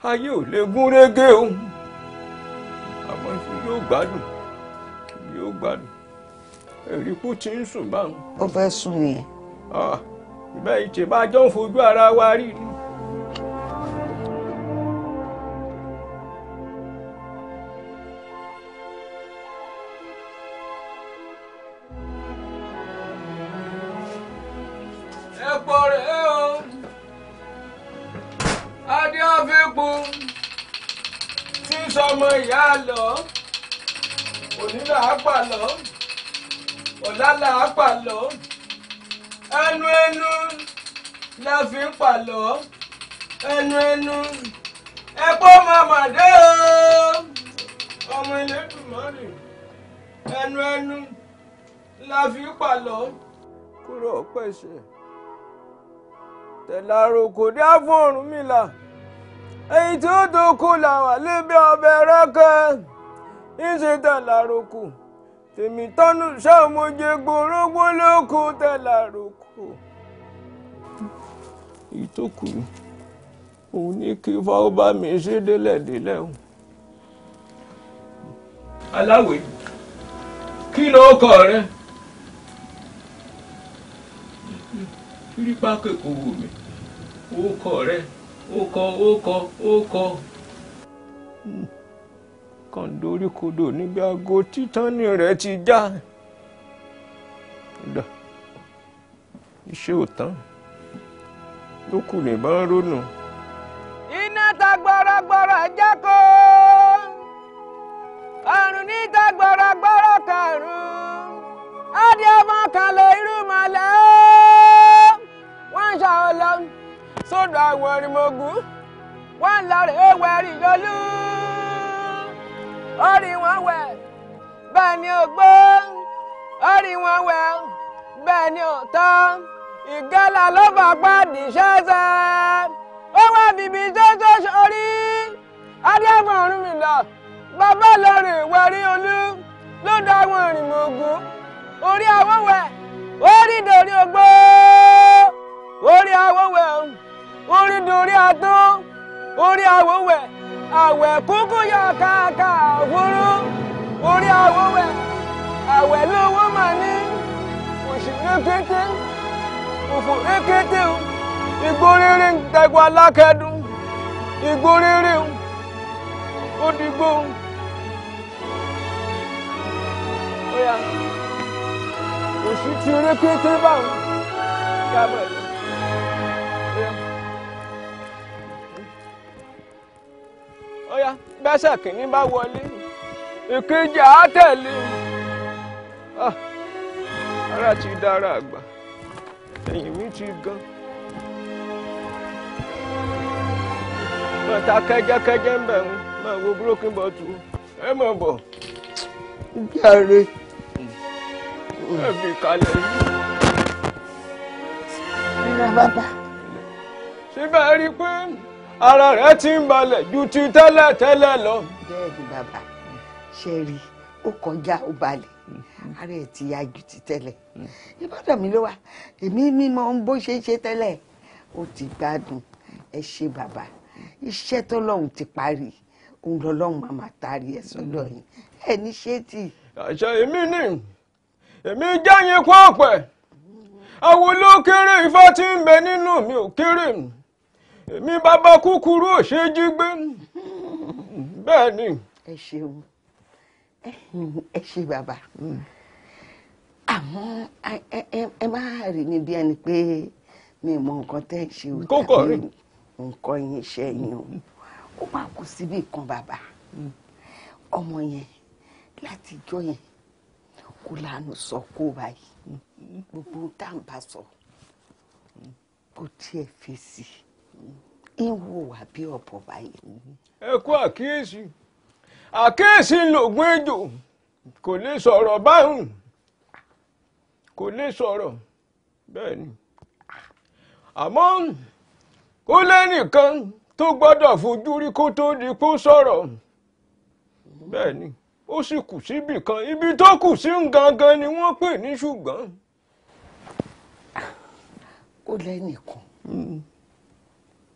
ayé ò lè gún régé o àmọ́ yóò gbádùn yóò gbádùn ẹ̀rí ti ń sùn báwọn. ó fẹ́ sùn nìyẹn. Ah, ìbá ìtẹ̀bá jọ ń fojú ara wa rí ni. máa fi ń pàlọ́ ẹnu ẹnu ẹ̀pọ́ máa mà dé o ọmọ Elédùmarè ẹnu ẹnu la fi ń pàlọ́ kúrò pẹ̀sẹ̀ tẹ̀lárò kò dá fún Ọ̀rúnmìlà èyí tí ó tó kó làwà lébi ọbẹ̀ rẹ́kẹ́ ńṣe tẹ̀lárò kù tèmítọ́nù ṣàmójẹ gbòrógbó ló kù tẹ̀lárò kù èyí tó kù òun ní kí fáwọ́bá mi ṣe délẹ̀ délẹ̀ o. aláwẹ̀ kí ló kọ rẹ kírípà kẹkọọ wò mí ó kọ rẹ ó kọ ó kọ ó kọ. kàn dorí kodò níbi aago títánì rẹ̀ ti já. Ìṣe ò tán. tó kù nìbọn rónù. iná ta gbọ́rọ́gbọ́rọ́ jákó ọ̀run níta gbọ́rọ́gbọ́rọ́ kàrún ádìọ́mọ kan lè irú màlẹ́ wọ́n ń ṣàwọ lọ sódò àwọn òrìmọ̀gùn wọ́n ń lọ rè é wẹ̀rí yọlú orí wọn wẹ̀ bẹ́ẹ̀ ni ògbó orí wọn wẹ̀ bẹ́ẹ̀ ni òótọ́. ìgálà ló fà pàdé ṣẹ́ṣẹ́ ó wà bìbí ṣẹ́ṣẹ́ sórí adéwọ̀n Ọ̀rúnmìlà bàbá lọ́rùn ìwẹ̀rí olú ló dá àwọn ìrìnmọ̀ ògún orí awọ́wẹ̀ orí dorí ogbó orí awọ́wẹ̀ orí dorí ató orí awọ́wẹ̀ àwẹ̀ kúkú yọ kàkà òfurú orí awọ́wẹ̀ àwẹ̀ lówó màní òṣìlú kékeré. òfò ekete o igboriri rere ń tẹ̀gbọ́ o ó o. Oya òṣì ti rékété báwọn kábọ̀ ẹ̀. Oya bẹ́sẹ̀ bá wọlé ìkejì tẹ̀lé ah, Ara ti dára àgbà. ẹ̀yìn mi ti gan. máa ta kẹ́jẹ́kẹ́jẹ́ ń bẹ̀ ń máa wo broken bottle ẹ mọ̀ bọ̀ bí ààrẹ ẹ̀bì kalẹ̀ yìí. rírà bàbá. síbẹ̀ rí i pé ara rẹ̀ ti ń balẹ̀ ju ti tẹ́lẹ̀ tẹ́lẹ̀ lọ. bẹ́ẹ̀ ni bàbá ṣe rí ó kọjá ó balẹ̀ ara ẹ̀ ti ya ju ti tẹ́lẹ̀ ìbàdàn mi ló wà èmi mímọ bó ṣe ṣe tẹ́lẹ̀ ó ti gbádùn ẹ ṣe bàbá iṣẹ́ tọ́lọ́run ti parí òun lọ́lọ́run máa máa taari ẹ̀ sọ́dọ̀ yìí ẹ̀ ní ṣé tì. àṣà èmi ni èmi jáyẹn kó ọ̀pẹ àwọn olókèrè ifá tí ń bẹ nínú mi ò kéré èmi bàbá kúkúrú ò ṣe é jí gbé bẹ́ẹ̀ ni. ẹ ṣeun ẹ ṣe bàbá hmm. àmọ́ ẹ má rí mi bí ẹni pé mi mọ nǹkan tẹ́ ẹ ṣe o tàbí nǹkan yín ṣe yín o ó máa kú síbi kan bàbá hmm. ọmọ yẹn láti jọ yẹn kó lanu sọ kó báyìí hmm. gbogbo tá à ń bá sọ kó tiẹ̀ fèsì ń wò bí ọ̀bọ̀ báyìí. ẹ kú àkíyèsí àkíyèsí lògùn ejò kò lè sọ̀rọ̀ báhùn kò lè sọ̀rọ̀ bẹ́ẹ̀ ni àmọ́ ó lẹ́nìkan tó gbọ́dọ̀ fojú rí kó tó di kó sọ̀rọ̀ bẹ́ẹ̀ ni ó sì kù síbì kan ibi tó kù sí gangan ni wọ́n pè ní ṣùgbọ́n. ó lẹ́nìkan hmm.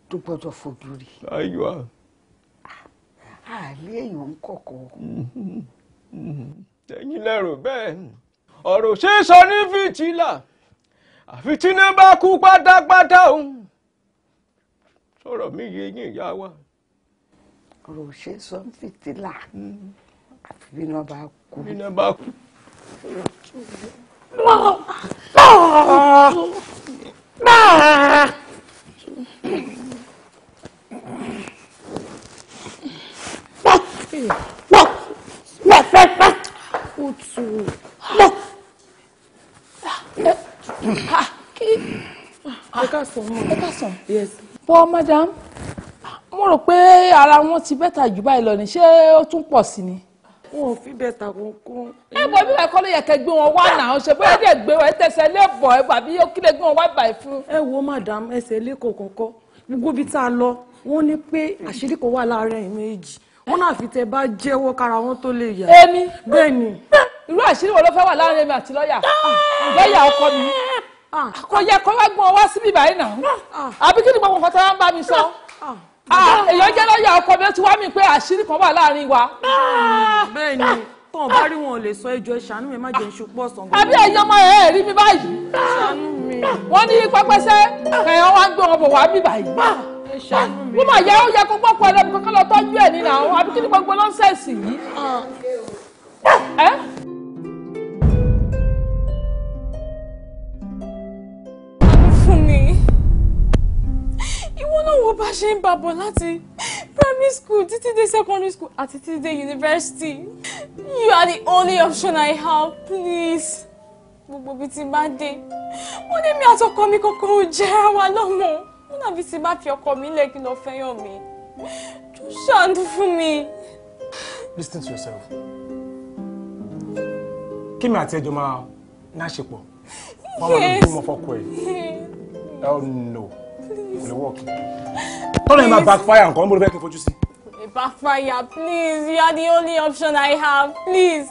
tó gbọ́dọ̀ fojú rí. ayọ̀ a lé èèyàn ń kọ̀kọ̀. ẹ̀yin lẹ́rù bẹ́ẹ̀ ọ̀rọ̀ ṣe é sọ ní fìtílà àfi tí iná bá kú pátápátá òun sọ̀rọ̀ mi yé yín ìyá wa. ọ̀rọ̀ ṣe é sọ ní fìtílà hmm. àfi bí iná bá kú. bí iná bá kú. Ah! Ah! wọ́n wọ́n fẹ́ fẹ́ o tù wọ́n. ẹ ká sọ mọ ẹ ká sọ. bọ́ madam mo rò pé ara wọn ti bẹ́tà jù báyìí lọ ni ṣé ó tún pọ̀ sí ni wọn ò fi bẹ́ẹ̀ ta kankan. ẹ bọ bí wàá kọ́ ló yẹ kẹ́ gbé wọn wá náà ṣe bóyá dẹ̀ gbé wọn tẹsẹ̀ lé bọ̀ ẹ bàbí yóò kílẹ̀ gbé wọn wá báyìí fún. ẹ wo madam ẹsẹ̀ lẹ́kọ̀ọ́ kọ̀ọ̀kan gbogbo ibi tá a lọ wọ́n ní pé àṣírí kan wà láàárín ẹ̀yìn méjì wọn náà fi tẹ bá jẹ́wọ́ kára wọn tó lè yà. èmi bẹ́ẹ̀ ni. irú àṣírí wo ló fẹ́ wà láàrin èmi àti lọ́ọ̀yà lọ́ọ̀yà ọkọ mi ah. Ah. kò yẹ kó wá gbọ́n wá síbí báyìí náà ah. àbí kí ni gbogbo nǹkan tó wá ń bá mi sọ èèyàn jẹ́ lọ́ọ̀yà ọkọ mi ó ti wá mi pé àṣírí kan wà láàrin wa. bẹ́ẹ̀ ni tán bá rí wọn lè sọ ẹjọ́ ìṣàánú mi má jẹ́ ìṣùpọ̀ sàn. àbí ẹ̀yin ọmọ ẹ̀ rí mi báyìí. ìṣàánú mi. wọ́n ní pẹ́pẹ́sẹ́ ẹ̀yàn wá gbé ọmọ bọ̀ bí báyìí wọ́n máa yẹ ó yẹ kó gbọ́kọ̀ ẹlẹ́bi kankan lọ tọ́jú ẹ̀ nínú àwọn àbí kí ni gbogbo nọ́ńsẹ̀sì yìí. fún náà wo bá ṣe ń bàbọ̀ láti primary school títí dé secondary school àti títí dé university you are the only option I have please gbogbo bíi ti bá dé wọ́n ní mi àtọkọ mi kọ́kọ́ ò jẹ́ wa lọ́mọ wọn dàbí ti bá fi ọkọ mi lẹ́kí lọ fẹ́yàn mi tó ṣàánú fún mi. listen to yourself kí mi àti ẹjọ́ máa náṣepọ̀ wọn wà lórí bímọ fọkọ ẹ hell oh, no Please. lè work tọ́lá yẹn máa backfire nǹkan bó ló fẹ́ kí n fojú sí. backfire please you are the only option I have please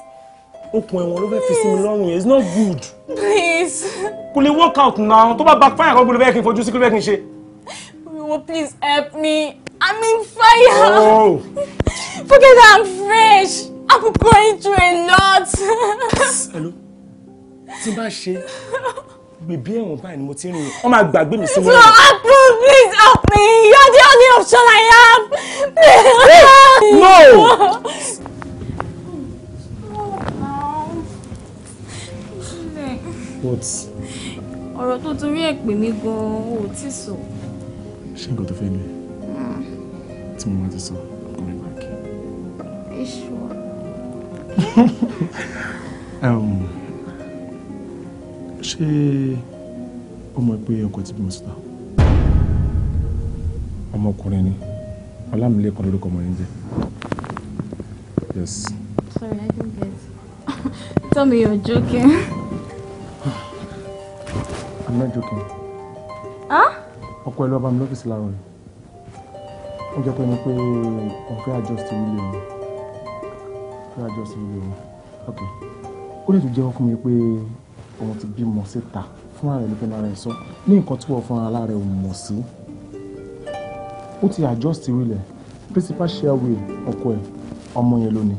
okùn ẹ̀wọ̀n ló fẹ́ fi sí mi lọ́rùn yẹn it's not good. please. kò lè work out na tó bá backfire kan gbọ́dọ̀ bẹ́ẹ̀ kí n fojú sí kí n bẹ́ẹ̀ kí n ṣe. Ewo, please help me. I'm in fire. Oh. Forget I'm fresh. I'm going through a lot. Hello. Tí n bá ṣe bèbí ẹ̀wọ̀n báyìí ni mo ti rìn. Wọ́n máa gbàgbé mi síwájú. No, Apple, please help me. You're the only option I have. Please. No. What? Ọ̀rọ̀ tó torí ẹ̀ pè mí gan-an ò tí sọ. She ṣé nǹkan tó fẹ́ ni tí mo máa ti sọ i'm coming back. are you sure. ṣé ó mọ̀ I'm ọkọ ti bímọ síta ọmọkùnrin ni ọlámilẹ́kan lórúkọ ọmọ yẹn jẹ́ yes. sorry i didn't get tell me you're joking. Ah, i'm not joking. Huh? ọkọ ẹ lọ bá mi lọ́fíìsì láàárọ̀ ni ó jẹ́ pé ní pé òun fẹ́ adjust wọn fẹ́ adjust nílé wọn ok ó lè tún jẹ́wọ́ fún mi pé òun ti bímọ síta fúnra rẹ̀ ló fẹ́ lára ẹ̀ sọ ní nǹkan tí wọ́n fúnra lára ẹ̀ ò mọ̀ sí ó ti adjust wílẹ̀ principal share will ọkọ ẹ̀ ọmọ yẹn lónìí.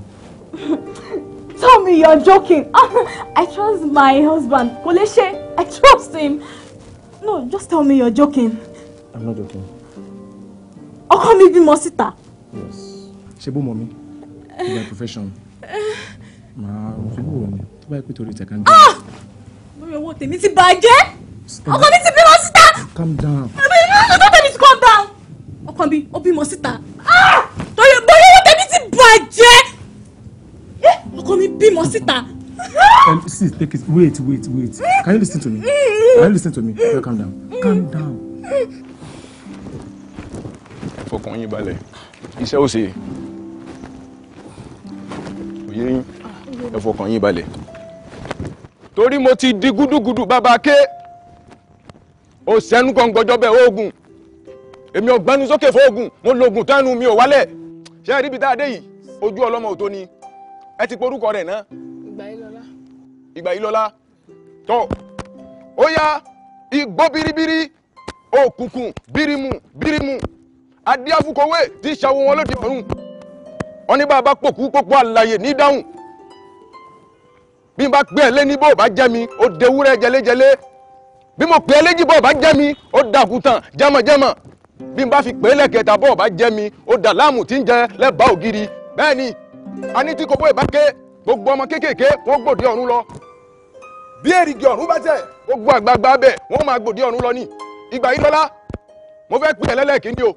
Tommy, you're joking. I trust my husband. Kò I trust him. No, just tell me you're joking. I'm not joking. Ọkọ mi bímọ síta. Yes. Ṣé bó mọ mi? Bí my profession. Màá rògbò wò ni tó bá yẹ pé torí ìtẹ̀ kan dé. Lórí ah! owó tèmi ti bàjẹ́. Ọkọ mi ti bímọ síta. Calm down. I Ẹ̀mi ní ọ̀dọ́ tèmi ti calm down. Ọkọ mi ó bímọ síta. Ah! Torí bóyá owó tèmi ti bàjẹ́. Eh! Ọkọ mi bímọ síta. Um, see, take it. Wait, wait, wait. Can you listen to me? Can you listen to me? Well, calm down. Calm down. Mm fọkàn yín balẹ̀ iṣẹ́ ò ṣe òye yín ẹ fọkàn yín balẹ̀ torí mo ti di gúdúgúdú bàbá ké o sẹ́nu kọ̀ǹgọ́jọ́ bẹ́ẹ̀ oògùn èmi ọ̀gbẹ́nu sókè fóògùn mo lògùn tánu mi ò wálẹ̀ ṣé ẹ ríbi tá a dé yìí ojú ọlọ́mọ ò tó ni ẹ ti porúkọ rẹ̀ náà. ìgbà yìí lọ́la. ìgbà yìí lọ́la tó ó yá igbó biribiri òkùnkùn birimu birimu adíáfúkọwé tí í ṣàwọn wọn lóde ọ̀run wọn ní bá a bá pòkú ni àlàyé bi dáhùn bí n ni bo é lé ní bó bá jẹ́ mi ó mo pè é bo bó bá jẹ́ mi ó dàkútàn jẹ́mọ̀jẹ́mọ̀ bí n bá fi pè é lẹ́kẹta bó bá jẹ́ mi ó dà láàmú tí ń jẹ lẹ́bàá ògiri bẹ́ẹ̀ ni a ní tí kòbó ìbáké gbogbo ọmọ kéékèèké wọ́n gbòdì ọ̀run lọ bí èrìgì ọ̀run bá tẹ̀ gbogbo àgbààgbà bẹ̀ wọ́n máa gbòdì ọ̀run lọ ní ìgbà yìí lọ́lá mo fẹ́ pè é lẹ́lẹ́kìndí o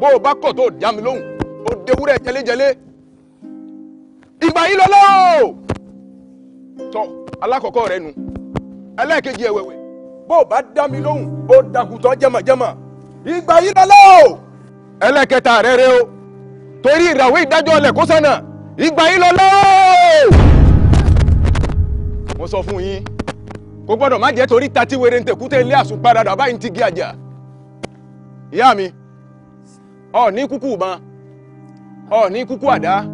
bó o bá kọ̀ tó o dá mi lóhùn o dewúrẹ́ jẹlẹ́jẹlẹ́ ìgbà yìí lọ́lọ́ tọ́ alákọ̀ọ́kọ́ rẹ nu ẹlẹ́ẹ̀kejì ẹ̀wẹ̀wẹ̀ bó o bá dá mi lóhùn o dàgùtàn jẹmọ̀jẹmọ̀ ìgbà yìí lọ́lọ́ ẹlẹ́ẹ̀kẹta rẹ rẹ o torí ìràwé ìdájọ́ ọlẹ̀ kó sẹ́nà ìgbà yìí lọ́lọ́ mo sọ fún yín kò gbọ́dọ̀ má jẹ́ torí tatiwere ntẹ̀kútẹ́ ilé àsùnpadà dàbá yìí ti gé àjà ìyá mi ọ ní kúkú ìbọn ọ ní kúkú àdá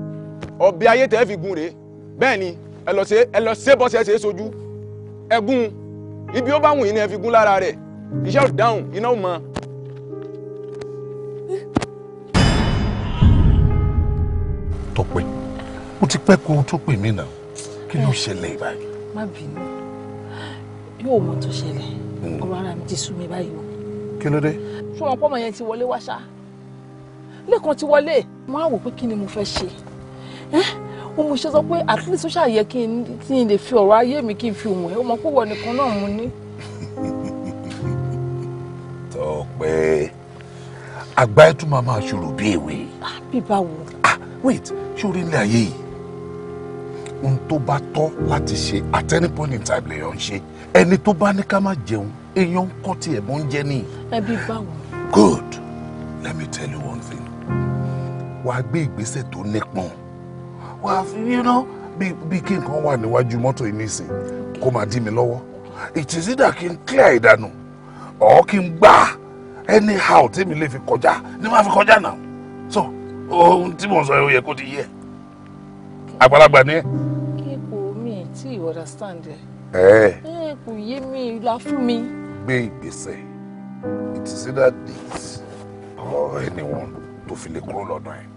ọbẹ̀ ayé tẹ́ fi gun rèé bẹ́ẹ̀ ni ẹ lọ ṣe ẹ é sojú ẹ gún ibi ó bá wùn yín ni ẹ fi gún lára rẹ̀ iṣẹ́ ò dáhùn iná ò mọ. Tọ́pẹ́ ó ti pẹ́ kó o tó pè mí náà kí ló eh, ṣẹlẹ̀ báyìí. má bínú yóò mọ tó ṣẹlẹ̀ hmm. ọ̀rọ̀ ara mi ti sú mi báyìí o. kí ló dé. fún ọ̀pọ̀ ọmọ yẹn ti wọlé wá ṣáá lẹ́ẹ̀kan ti wọlé mo á wò pé kí ni mo fẹ́ ṣe ó mo ṣe sọ pé at least ó ṣàyẹ kí n lè fi ọ̀rọ̀ ayé mi kí n fi òun ẹ̀ ó mọ pé wọ́n nìkan náà mo ní. Tọ́pẹ́ àgbà ẹ máa máa ṣòro bí èwe. bí báwo. ah wait ṣé orí ilé ayé yìí ohun tó bá tọ́ láti ṣe at any point in time lèèyàn ń ṣe ẹni tó bá ní ká má jẹun èèyàn ń kọ́ tiẹ̀ bó jẹ́ nìyí. ẹbí báwo. good let me tell you one wàá gbé ìgbésẹ̀ tó nípọn wàá fi you know bí bí kí nǹkan wà níwájú mọ́tò yìí nísìn kó máa dí mi lọ́wọ́ ìtìsídà kí n clear ìdànù ọ̀ kí n gbà anyhow tèmi lè fi kọjá ní máa fi kọjá náà so ohun tí mò ń sọ yẹn ó yẹ kó ti yẹ àgbàlagbà ni ẹ. kíkó mi tí you understand ẹ. ẹ ẹ kò yé mi la fún mi. gbé ìgbésẹ̀ ìtìsídà date ọ̀rọ̀ ẹni wọn tó fi lè kúrò lọ́dọ̀ ẹ̀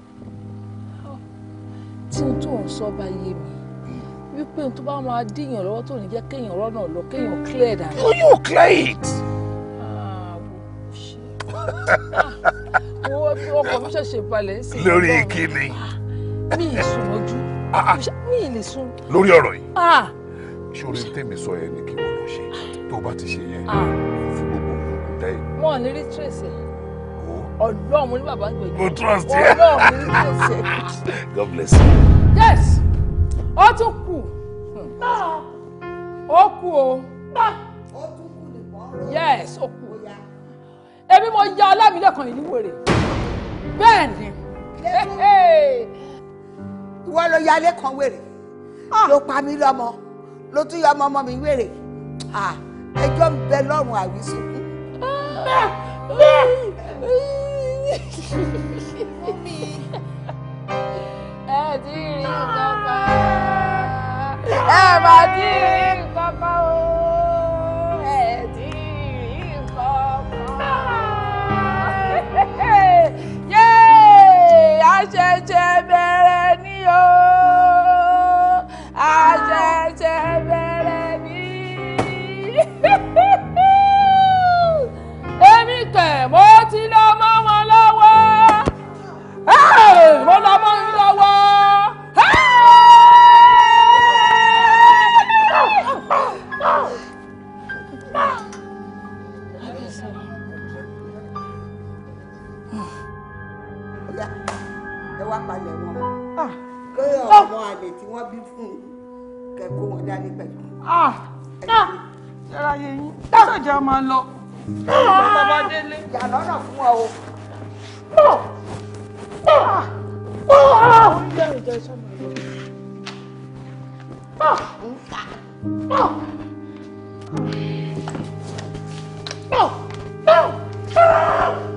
tí n tó ń sọ bá yé mi wípé n tó bá máa díyàn lọ́wọ́ tó ní jẹ́ kéèyàn rọ́nà lọ kéèyàn clear dà. oh you clear it. owó bí ọkọ̀ mi ṣẹ̀ṣẹ̀ balẹ̀ sí i. lórí kíni. mi ì sùn lójú mi ì lè sùn. lórí ọ̀rọ̀ yìí. ìṣòro tèmi sọ yẹn ni kí wọ́n lọ ṣe tó bá ti ṣe yẹn fún gbogbo ọ̀hún dẹ́yìn. wọn ò ní rí trace ẹ̀ ọlọ́run ní bàbá ń gbé mo trust yẹ ọlọ́run ní ìgbésẹ̀. God bless you. yes ó tún kù ó kù o yes ó kù èmi mo ya ọlámilẹ́kan ìlú wèrè bẹ́ẹ̀ ni ìwọ ló ya lẹ́kan wèrè ah. ló pa mí lọ́mọ ló tún yọ ọmọ ọmọ mi wèrè ah, ẹjọ́ ń bẹ lọ́rùn àwísùn mọ́mí ẹ ti rí nǹkan kan ẹ má ti rí nǹkan kan o ẹ ti rí nǹkan ah ah yàrá yẹ yín sàjà máa lọ bàbá délé. yà lọ́nà fún ọ o. oúnjẹ ìjọ ìṣọ́nà ń fà.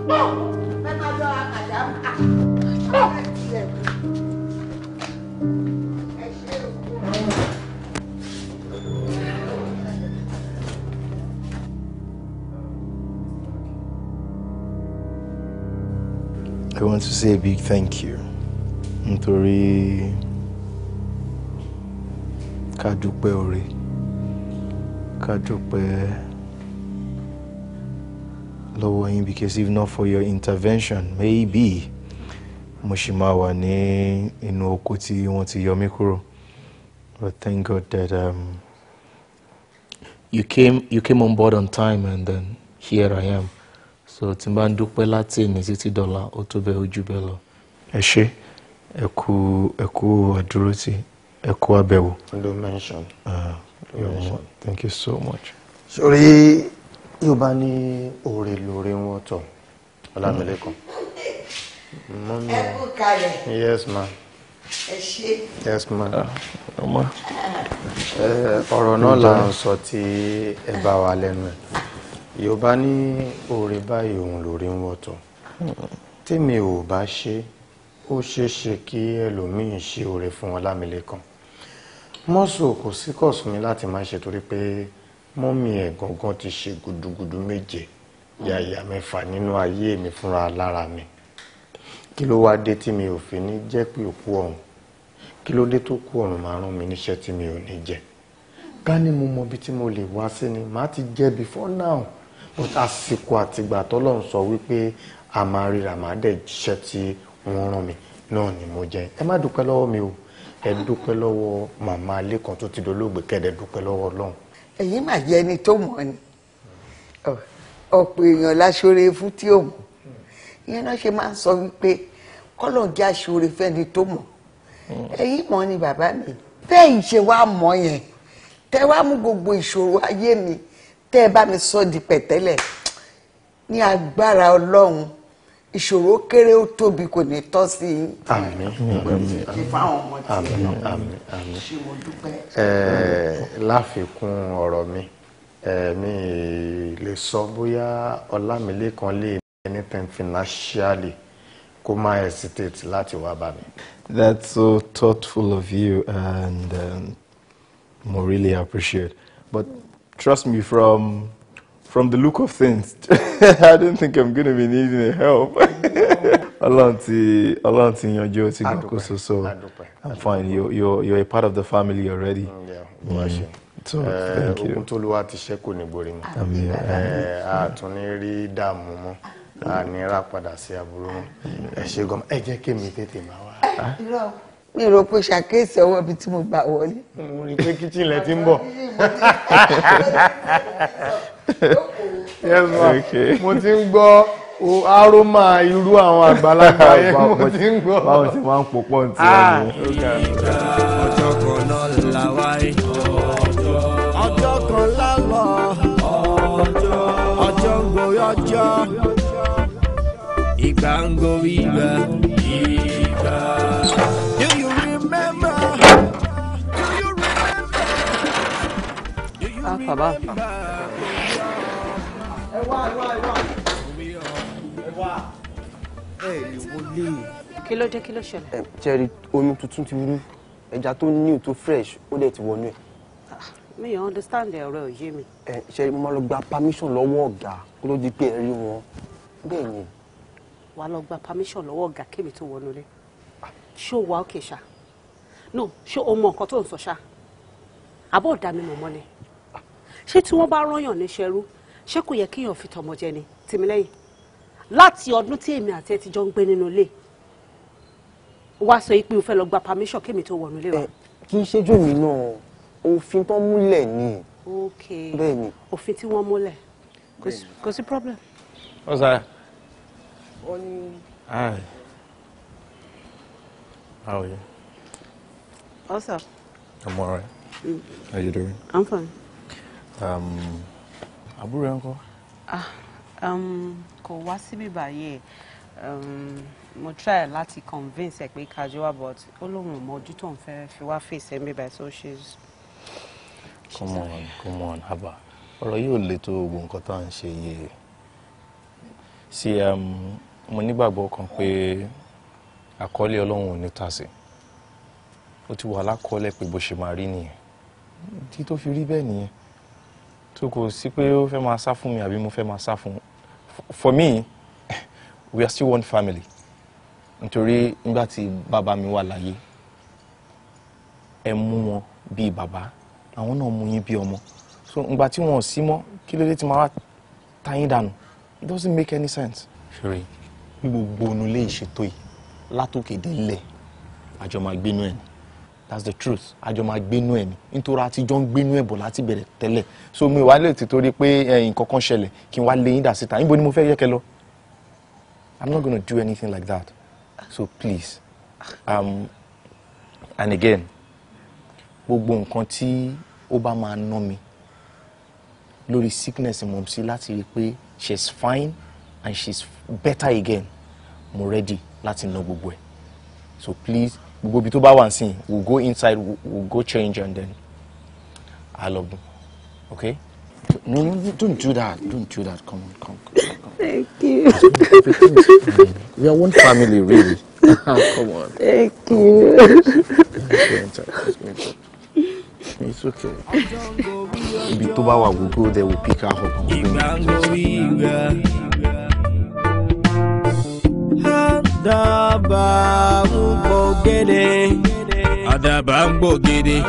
Mẹ́ta jọ àkàdá. I want to say a big thank you nítorí ká dúpẹ́ oore ká dúpẹ́ lọ́wọ́ yín because if not for your intervention maybe mo ṣì máa wà ní inú oko tí wọ́n ti yọ mí kúrò but thank God that um, you came you came on board on time and then here I am so tí n bá ń dúpẹ́ láti èní títí dọ̀la ó tó bẹ́ẹ̀ ojú bẹ́ẹ̀ lọ. ẹ ṣe ẹ kú ẹ kú àdúrótì ẹ kú àbẹ̀wò. ló ah, mention. thank you so much. sori yóò bá ní òòrè lóore wọn tọ Ọlámilékan. ẹ kú kalẹ̀. yes ma. ẹ ṣe. yes ma. Ah, eh, ọ̀rọ̀ náà là ń sọ tí ẹ bá wa lẹ́nu ẹ̀ yorùbá ní òòrè báyìí òun lórí ń wọ́tọ̀ tèmi ò bá ṣe ó ṣeé ṣe kí ẹlòmíín ṣe òòrè fún ọlámilékan mọ́sù kò sí kọ̀sùn mi láti má ṣe torí pé mọ́mì ẹ̀ gangan ti ṣe gudugudu méje yàyà mẹ́fà nínú ayé mi fúnra lára mi kí ló wá dé tí mi ò fi ní jẹ́ pé òkú ọ̀run kí ló dé tó kú ọ̀run máa rán mi níṣẹ́ tí mi ò ní jẹ ká ní mo mọ ibi tí mo lè wá sí ni màá ti jẹ before now but àsìkò àtìgbà tọ́lọ́run sọ wípé a máa ríra màá dẹ̀ jíṣẹ́ tí wọ́n rán mi náà ni mo jẹ́ ẹ má dúpẹ́ lọ́wọ́ mi o ẹ dúpẹ́ lọ́wọ́ màmá lẹ́kàn tó ti dolóògbé kẹ́ẹ̀dẹ̀ dúpẹ́ lọ́wọ́ ọlọ́run. èyí mà jẹ́ ẹni tó mọ̀ ni ọ̀pọ̀ èèyàn láṣọre fún tí ò mọ̀ ìyẹn náà ṣe máa ń sọ wípé kọ́lọ̀ jẹ́ aṣọre fẹ́ni tó mọ̀ èyí mọ̀ ni bàbá mi bẹ́ẹ̀ ìṣe wa mọ̀ yẹn tẹ́ wá mú gbogbo ìṣòro ayé mi tẹ́ ẹ bá mi sọ di pẹ̀tẹ́lẹ̀ ní agbára ọlọ́run ìṣòro kéré ó tóbi kò ní tọ́ sí i. àmín àmín àmín àmín àmín. láfikún ọ̀rọ̀ mi mi lè sọ bóyá ọlámilẹ́kan lè anything financially kó má hesitate láti wá bá mi. that's so thoughtful of you and um, mo really appreciate but. Mm Trust me, from from the look of things, I don't think I'm going to be needing any help. Ọlọ́run ti your ti yanjú ó so so I'm fine you you you're a part of the family already. Okun tó lówó àti ṣẹ́kù ní gborí mi. Àtún eh, ní rí dààmú mọ́, àní rà padà sí àbúrò mọ́. Ẹ ṣe gan, ẹ jẹ́ kémi tètè máa wá. Ah. Irọ́ o mi rò pé ṣàkíyèsí ọwọ́ ibi tí mo gbà wọlé. mo rí i pé kitchen lẹ ti ń bọ̀. mo ti ń gbọ́ aroma irú àwọn àgbàlagbà yẹn mo ti ń gbọ́. báwo ti máa ń pòpọ̀ ní tiwọn ni. ọjọ́ kan ìgbà. bàbá. ẹ wá ẹ wá ẹ wá ẹ wá ẹ lè wọlé. kí ló dé kí ló ṣẹlẹ̀. ẹ jẹ́rìí omi tuntun ti rú ẹja tó new tó fresh ó dẹ̀ ti wọnú ẹ̀. Ah, mi ò understand ọ̀rọ̀ òye mi. ẹ ṣe mo máa lọ gba permission lọ́wọ́ ọ̀gá kó ló di pé ẹ rí permission lọ́wọ́ ọ̀gá kémi tó wọnú lé ṣé o no ṣé o mọ nǹkan tó ń sọ ṣá ṣé tí wọ́n bá rọ́yàn ní ṣerú ṣé kò yẹ kéèyàn fi tọmọ jẹ ni tìmílẹ́yìn láti ọdún tí èmi àti ẹ ti jọ ń gbé nínú ilé wá sọ pé o fẹ́ lọ gba permission kémi tó wọnú ilé wa. kì í ṣẹ́jú mi náà òfin tó múlẹ̀ ni. ok bẹ́ẹ̀ ni. òfin tí wọ́n múlẹ̀ kò sí problem. ó sá. ó ní. how are you. ó sá. I'm all mm. how you doing. I'm fine. Um, àbúrò ẹ ń kọ́. Ah, um, kò wá síbí báyìí um, mo try láti convince ẹ pé kájọ wá but ó lóun ò mọ ojú tó ń fẹ́ fi wá fèsì ẹ̀mí báyìí so she's. come on come on haba ọ̀rọ̀ yóò le tó gbogbo nǹkan tá à ń ṣe yìí sí mo nígbàgbọ́ kan pé àkọlé ọlọ́run ò ní tàsé ó ti wà lákọọ́lẹ̀ pé bó ṣe máa rí nìyẹn tí tó fi rí bẹ́ẹ̀ nìyẹn tó kò sí pé ó fẹ́ máa sá fún mi àbí mo fẹ́ máa sá fún un for me we are still one family nítorí nígbà tí bàbá mi wà láyé ẹ mú wọn bíi bàbá àwọn náà mú yín bíi ọmọ so ngbà tí wọn ò sí mọ́ kí ló dé tí màá ta yín dànù it doesn't make any sense. ṣeré ní gbogbo onú ilé ìṣètò yìí látòkè délẹ̀ àjọ máa gbénú ẹ̀ ni that's the truth àjọ máa gbénú ẹ̀ ni nítorí àtijọ́ ń gbénú ẹ̀ láti bẹ̀rẹ̀ tẹ́lẹ̀ so mi wá lè ti pé nǹkan kan ṣẹlẹ̀ kí n wá lé yín dà síta níbo ni mo fẹ́ yẹ kẹ lọ i'm not gonna do anything like that so please um, and again gbogbo nǹkan tí ó bá máa ná mi lórí sickness mọ̀mísí láti rí i pé she's fine and she's better again mo ready láti ná gbogbo ẹ̀ so please gbogbo ibi tó bá wà sí we we'll go inside we we'll go change and then I love bùn okay. No, no, don't do that. Don't do that. Come on, come, come, Thank you. We are one family, really. come on. Thank come you. On. It's okay. Ibi tó bá wà, we'll go there, we'll pick her up. We'll dábàá ń gbọ̀gẹ̀dẹ̀. àdàbà ń gbọ̀gẹ̀dẹ̀.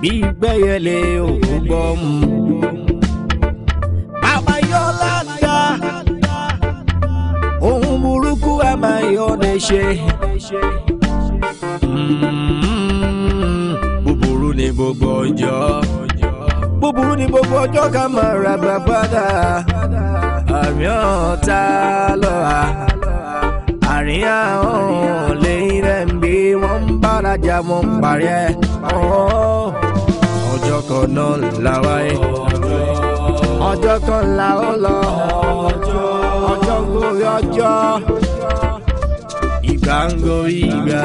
bí gbẹ́yẹlé òkú gbọ́ mu. bàbá yọlá ga ohun burúkú àmà yọdẹ ṣe. Mm-hmm. búburú ni gbogbo ọjọ́. búburú ni gbogbo ọjọ́ ká máa ra bàbá àmì ọ̀tá lọ́wọ́ àríyá ọ̀hún lè rẹ̀ ń bí wọ́n ń bárajà mọ́ ń parí ẹ̀ ọjọ́ kan náà làwa ẹ̀ ọjọ́ kan là ó lọ ọjọ́ gorí ọjọ́ ìgbà ń gorí ìgbà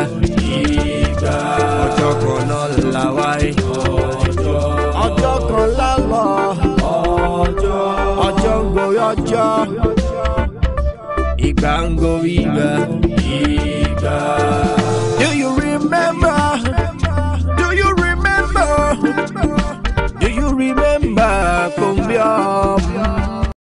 ọjọ́ kan náà làwa ẹ̀ ọjọ́ kan làlọ́ ọjọ́ ń gorí ọjọ́. Congo River. Do you remember? Do you remember? Do you remember? Cumbia.